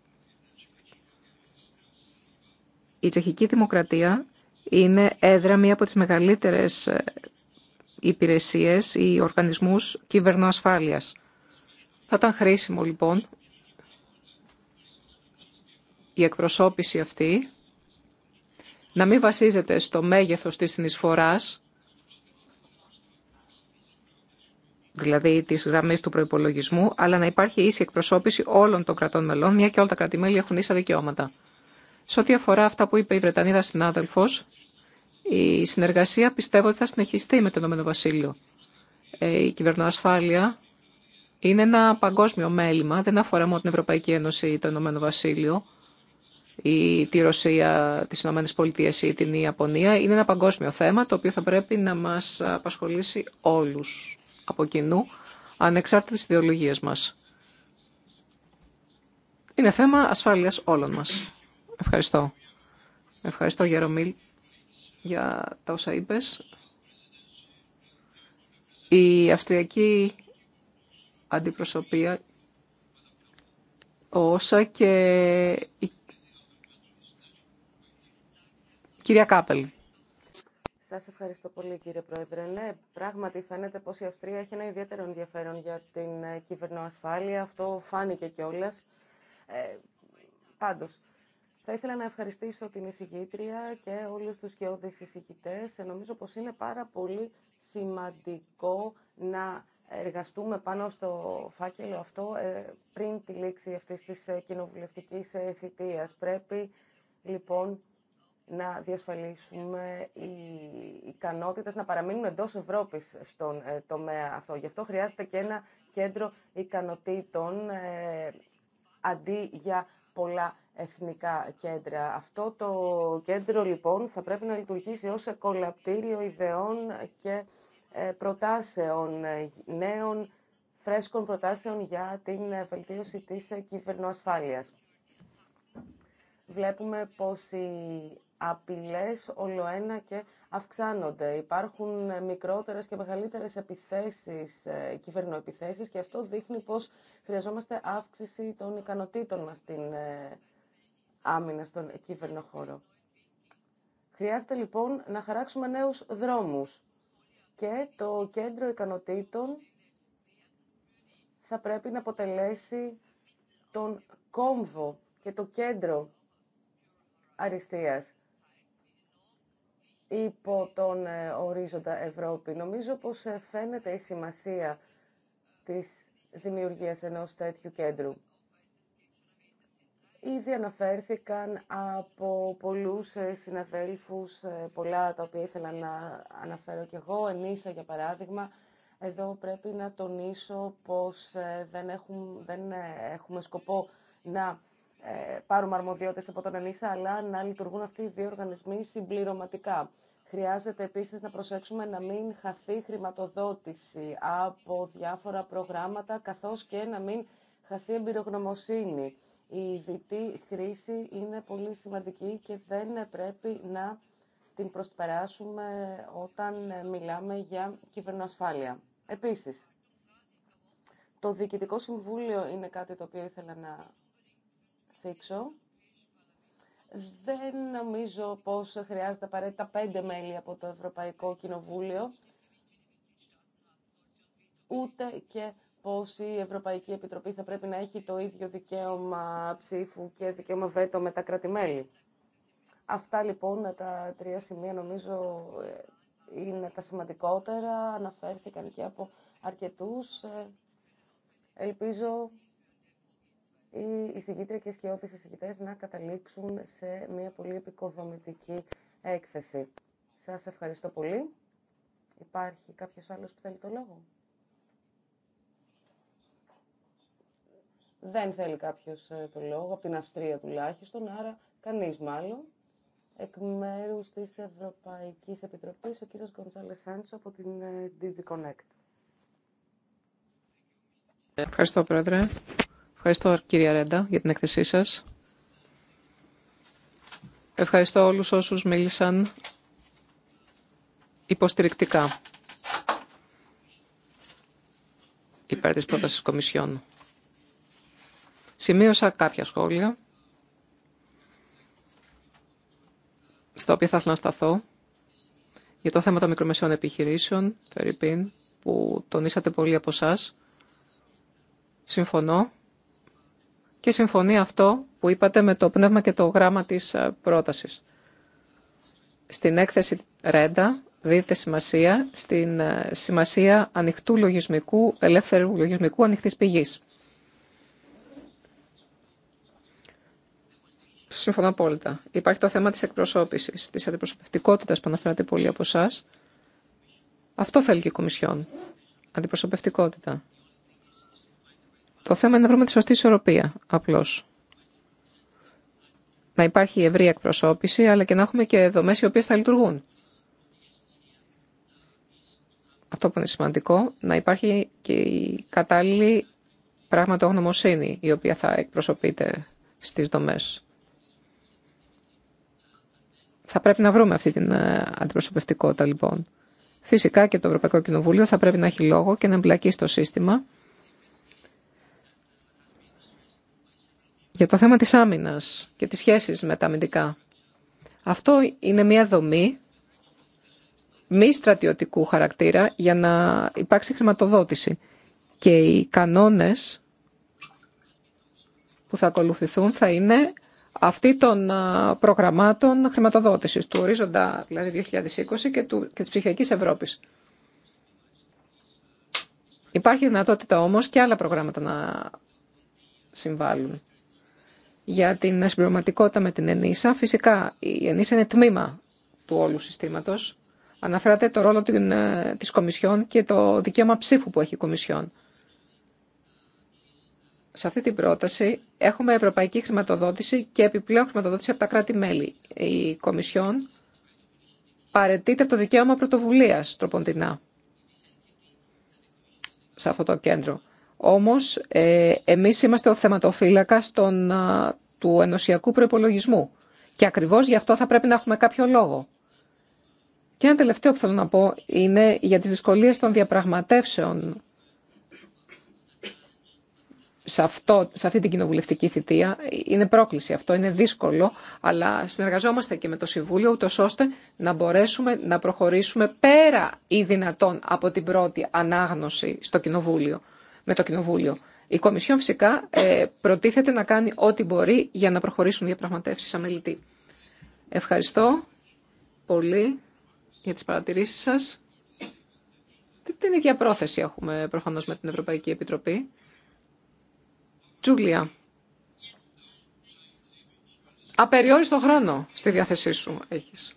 Η τσεχική δημοκρατία είναι έδρα μία από τις μεγαλύτερες ε, υπηρεσίες ή οργανισμούς κυβερνοασφάλειας. Θα ήταν χρήσιμο λοιπόν η εκπροσώπηση αυτή να μην βασίζεται στο μέγεθος της συνεισφοράς, δηλαδή της γραμμής του προϋπολογισμού, αλλά να υπάρχει ίση εκπροσώπηση όλων των κρατών μελών, μια και όλα τα κρατημέλη έχουν ίσα δικαιώματα. Σε ό,τι αφορά αυτά που είπε η Βρετανίδα συνάδελφος, η συνεργασία πιστεύω ότι θα συνεχιστεί με το Ηνωμένο Βασίλειο. Ε, η κυβερνοασφάλεια είναι ένα παγκόσμιο μέλημα, δεν αφορά μόνο την Ευρωπαϊκή Ένωση ή το Ηνωμένο ή τη Ρωσία, τις Ηνωμένε Πολιτείε ή την Ιαπωνία. Είναι ένα παγκόσμιο θέμα το οποίο θα πρέπει να μα απασχολήσει όλους από κοινού, ανεξάρτητα της ιδεολογίας μας. Είναι θέμα ασφάλεια όλων μας. Ευχαριστώ. Ευχαριστώ, Γερομίλ, για τα όσα είπες. Η Αυστριακή αντιπροσωπεία, όσα και η Κυρία Κάπελ. Σας ευχαριστώ πολύ κύριε Πρόεδρε. Ναι, πράγματι φαίνεται πως η Αυστρία έχει ένα ιδιαίτερο ενδιαφέρον για την ε, κυβερνοασφάλεια. Αυτό φάνηκε κιόλα. Ε, πάντως, θα ήθελα να ευχαριστήσω την εισηγήτρια και όλους τους εισηγητέ. εισηγητές. Ε, νομίζω πως είναι πάρα πολύ σημαντικό να εργαστούμε πάνω στο φάκελο αυτό ε, πριν τη λήξη αυτής της κοινοβουλευτικής θητείας. Πρέπει λοιπόν να διασφαλίσουμε οι ικανότητες να παραμείνουν εντός Ευρώπης στον ε, τομέα αυτό. Γι' αυτό χρειάζεται και ένα κέντρο ικανοτήτων ε, αντί για πολλά εθνικά κέντρα. Αυτό το κέντρο λοιπόν θα πρέπει να λειτουργήσει ως κολαπτήριο ιδεών και ε, προτάσεων νέων φρέσκων προτάσεων για την βελτίωση της κυβερνοασφάλειας. Βλέπουμε πως η απειλές ναι. ένα και αυξάνονται. Υπάρχουν ε, μικρότερες και μεγαλύτερες επιθέσεις, ε, κυβερνοεπιθέσεις και αυτό δείχνει πως χρειαζόμαστε αύξηση των ικανοτήτων μας στην ε, άμυνα στον χώρο. Χρειάζεται λοιπόν να χαράξουμε νέους δρόμους και το κέντρο ικανοτήτων θα πρέπει να αποτελέσει τον κόμβο και το κέντρο αριστείας υπό τον ε, ορίζοντα Ευρώπη. Νομίζω πως ε, φαίνεται η σημασία της δημιουργίας ενός τέτοιου κέντρου. Ήδη αναφέρθηκαν από πολλούς ε, συναδέλφους πολλά τα οποία ήθελα να αναφέρω κι εγώ. Ενίσα, για παράδειγμα, εδώ πρέπει να τονίσω πως δεν έχουν δεν έχουμε σκοπό να ε, πάρουμε αρμοδιότητες από τον ΕΝΗΣΑ, αλλά να λειτουργούν αυτοί οι δύο οργανισμοί συμπληρωματικά. Χρειάζεται επίσης να προσέξουμε να μην χαθεί χρηματοδότηση από διάφορα προγράμματα, καθώς και να μην χαθεί εμπειρογνωμοσύνη. Η διτή χρήση είναι πολύ σημαντική και δεν πρέπει να την προσπεράσουμε όταν μιλάμε για κυβερνοασφάλεια. Επίσης, το Διοικητικό Συμβούλιο είναι κάτι το οποίο ήθελα να δεν νομίζω πως χρειάζεται απαραίτητα πέντε μέλη από το Ευρωπαϊκό Κοινοβούλιο, ούτε και πως η Ευρωπαϊκή Επιτροπή θα πρέπει να έχει το ίδιο δικαίωμα ψήφου και δικαίωμα βέτο με τα κρατη Αυτά λοιπόν τα τρία σημεία νομίζω είναι τα σημαντικότερα. Αναφέρθηκαν και από αρκετούς. Ε, ελπίζω οι εισηγήτρια και οι εισηγητές να καταλήξουν σε μια πολύ επικοδομητική έκθεση. Σας ευχαριστώ πολύ. Υπάρχει κάποιος άλλος που θέλει το λόγο. Δεν θέλει κάποιος ε, το λόγο, από την Αυστρία τουλάχιστον, άρα κανείς μάλλον. Εκ μέρου τη Ευρωπαϊκή Επιτροπή, ο κύριο Γκοντζάλε Σάντσο από την ε, DigiConnect. Ευχαριστώ, Πρόεδρε. Ευχαριστώ κυρία Ρέντα για την έκθεσή σας. Ευχαριστώ όλους όσους μίλησαν υποστηρικτικά υπέρ της πρότασης Κομισιόν. Σημείωσα κάποια σχόλια στα οποία θα ήθελα να σταθώ για το θέμα των μικρομεσαίων επιχειρήσεων, Φερρυπίν, που τονίσατε πολύ από εσά. Συμφωνώ και συμφωνεί αυτό που είπατε με το πνεύμα και το γράμμα της ε, πρότασης. Στην έκθεση Ρέντα δίδεται σημασία στην ε, σημασία ανοιχτού λογισμικού, ελεύθερου λογισμικού ανοιχτής πηγής. Συμφωνώ απόλυτα. Υπάρχει το θέμα της εκπροσώπησης, της αντιπροσωπευτικότητας που αναφέρατε πολύ από εσά. Αυτό θέλει και η Κομισιόν. Αντιπροσωπευτικότητα. Το θέμα είναι να βρούμε τη σωστή ισορροπία, απλώ. Να υπάρχει ευρύ εκπροσώπηση, αλλά και να έχουμε και δομέ οι οποίε θα λειτουργούν. Αυτό που είναι σημαντικό, να υπάρχει και η κατάλληλη πραγματογνωμοσύνη, η οποία θα εκπροσωπείται στις δομές. Θα πρέπει να βρούμε αυτή την ε, αντιπροσωπευτικότητα, λοιπόν. Φυσικά και το Ευρωπαϊκό Κοινοβούλιο θα πρέπει να έχει λόγο και να εμπλακεί στο σύστημα για το θέμα της άμυνας και τις σχέσεις με τα αμυντικά. Αυτό είναι μια δομή μη στρατιωτικού χαρακτήρα για να υπάρξει χρηματοδότηση. Και οι κανόνες που θα ακολουθηθούν θα είναι αυτοί των προγραμμάτων χρηματοδότησης του ορίζοντα δηλαδή 2020 και, του, και της ψυχιακής Ευρώπης. Υπάρχει δυνατότητα όμως και άλλα προγράμματα να συμβάλλουν για την συμπληρωματικότητα με την ΕΝΗΣΑ. Φυσικά, η ΕΝΗΣΑ είναι τμήμα του όλου συστήματος. Αναφέρατε το ρόλο ε, της Κομισιόν και το δικαίωμα ψήφου που έχει η Κομισιόν. Σε αυτή την πρόταση έχουμε ευρωπαϊκή χρηματοδότηση και επιπλέον χρηματοδότηση από τα κράτη-μέλη. Η Κομισιόν παρετείται από το δικαίωμα πρωτοβουλίας τροποντινά σε αυτό το κέντρο. Όμως ε, εμείς είμαστε ο θεματοφύλακας των, του ενωσιακού προπολογισμού. Και ακριβώς γι' αυτό θα πρέπει να έχουμε κάποιο λόγο. Και ένα τελευταίο που θέλω να πω είναι για τις δυσκολίες των διαπραγματεύσεων σε, σε αυτή την κοινοβουλευτική θητεία. Είναι πρόκληση αυτό, είναι δύσκολο, αλλά συνεργαζόμαστε και με το Συμβούλιο, ούτως ώστε να μπορέσουμε να προχωρήσουμε πέρα ή δυνατόν από την πρώτη ανάγνωση στο Κοινοβούλιο με το Κοινοβούλιο. Η Κομισιόν φυσικά ε, προτίθεται να κάνει ό,τι μπορεί για να προχωρήσουν διαπραγματεύσεις αμελητή. Ευχαριστώ πολύ για τις παρατηρήσεις σας. Την ίδια πρόθεση έχουμε προφανώς με την Ευρωπαϊκή Επιτροπή. Τζούλια, απεριόριστο χρόνο στη διάθεσή σου έχεις.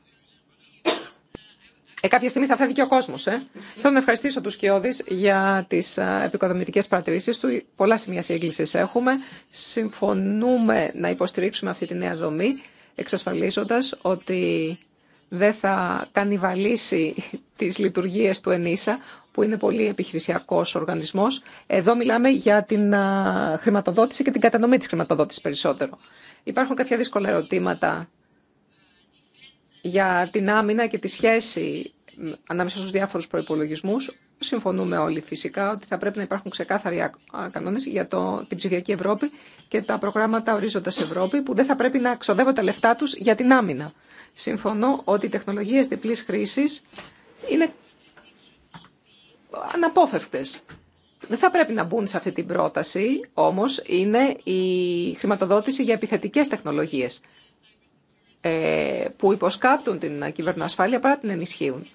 Ε, κάποια στιγμή θα φεύγει και ο κόσμο. Ε. Θέλω να ευχαριστήσω του Σκιώδη για τι επικοδομητικέ παρατηρήσει του. Πολλά σημεία σύγκληση έχουμε. Συμφωνούμε να υποστηρίξουμε αυτή τη νέα δομή, εξασφαλίζοντα ότι δεν θα κανιβαλίσει τι λειτουργίε του ΕΝΗΣΑ, που είναι πολύ επιχειρησιακό οργανισμό. Εδώ μιλάμε για την χρηματοδότηση και την κατανομή τη χρηματοδότηση περισσότερο. Υπάρχουν κάποια δύσκολα ερωτήματα για την άμυνα και τη σχέση ανάμεσα στους διάφορους προϋπολογισμούς. Συμφωνούμε όλοι φυσικά ότι θα πρέπει να υπάρχουν ξεκάθαροι κανόνες για το, την ψηφιακή Ευρώπη και τα προγράμματα ορίζοντας Ευρώπη που δεν θα πρέπει να ξοδεύουν τα λεφτά τους για την άμυνα. Συμφωνώ ότι οι τεχνολογίες διπλής χρήσης είναι αναπόφευκτες. Δεν θα πρέπει να μπουν σε αυτή την πρόταση, όμως είναι η χρηματοδότηση για επιθετικές τεχνολογίες. Ε, που υποσκάπτουν την ασφάλεια παρά την ενισχύουν.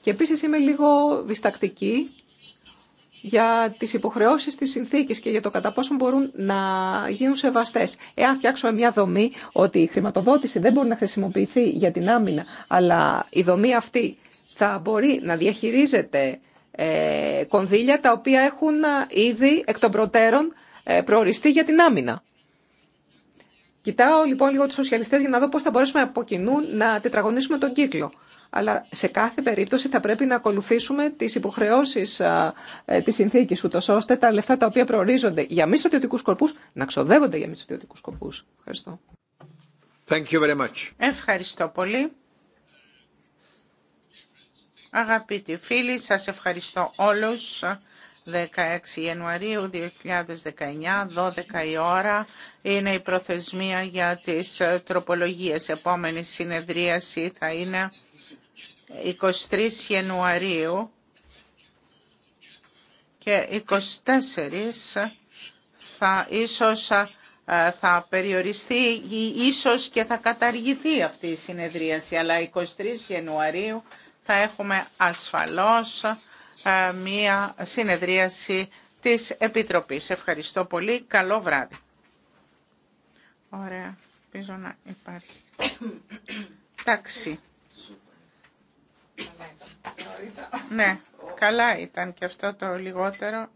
Και επίσης είμαι λίγο διστακτική για τις υποχρεώσεις της συνθήκη και για το κατά πόσο μπορούν να γίνουν σεβαστέ. Εάν φτιάξουμε μια δομή ότι η χρηματοδότηση δεν μπορεί να χρησιμοποιηθεί για την άμυνα, αλλά η δομή αυτή θα μπορεί να διαχειρίζεται ε, κονδύλια τα οποία έχουν ε, ήδη εκ των προτέρων προοριστεί για την άμυνα. Κοιτάω λοιπόν λίγο του σοσιαλιστές για να δω πώς θα μπορέσουμε από κοινού να τετραγωνίσουμε τον κύκλο. Αλλά σε κάθε περίπτωση θα πρέπει να ακολουθήσουμε τις υποχρεώσεις τη συνθήκη ε, της συνθήκης, ώστε τα λεφτά τα οποία προορίζονται για μη στρατιωτικού σκοπούς να ξοδεύονται για μη στρατιωτικού σκοπούς. Ευχαριστώ. Thank you very much. Ευχαριστώ πολύ. Αγαπητοί φίλοι, σας ευχαριστώ όλους 16 Ιανουαρίου 2019, 12 η ώρα, είναι η προθεσμία για τις ε, τροπολογίες. Επόμενη συνεδρίαση θα είναι 23 Ιανουαρίου και 24 θα ίσως ε, θα περιοριστεί ή ίσως και θα καταργηθεί αυτή η συνεδρίαση, αλλά 23 Ιανουαρίου θα έχουμε ασφαλώς ε, μία συνεδρίαση της Επιτροπής. Ευχαριστώ πολύ. Καλό βράδυ. Ωραία. Ελπίζω να υπάρχει. Ναι, καλά ήταν και αυτό το λιγότερο.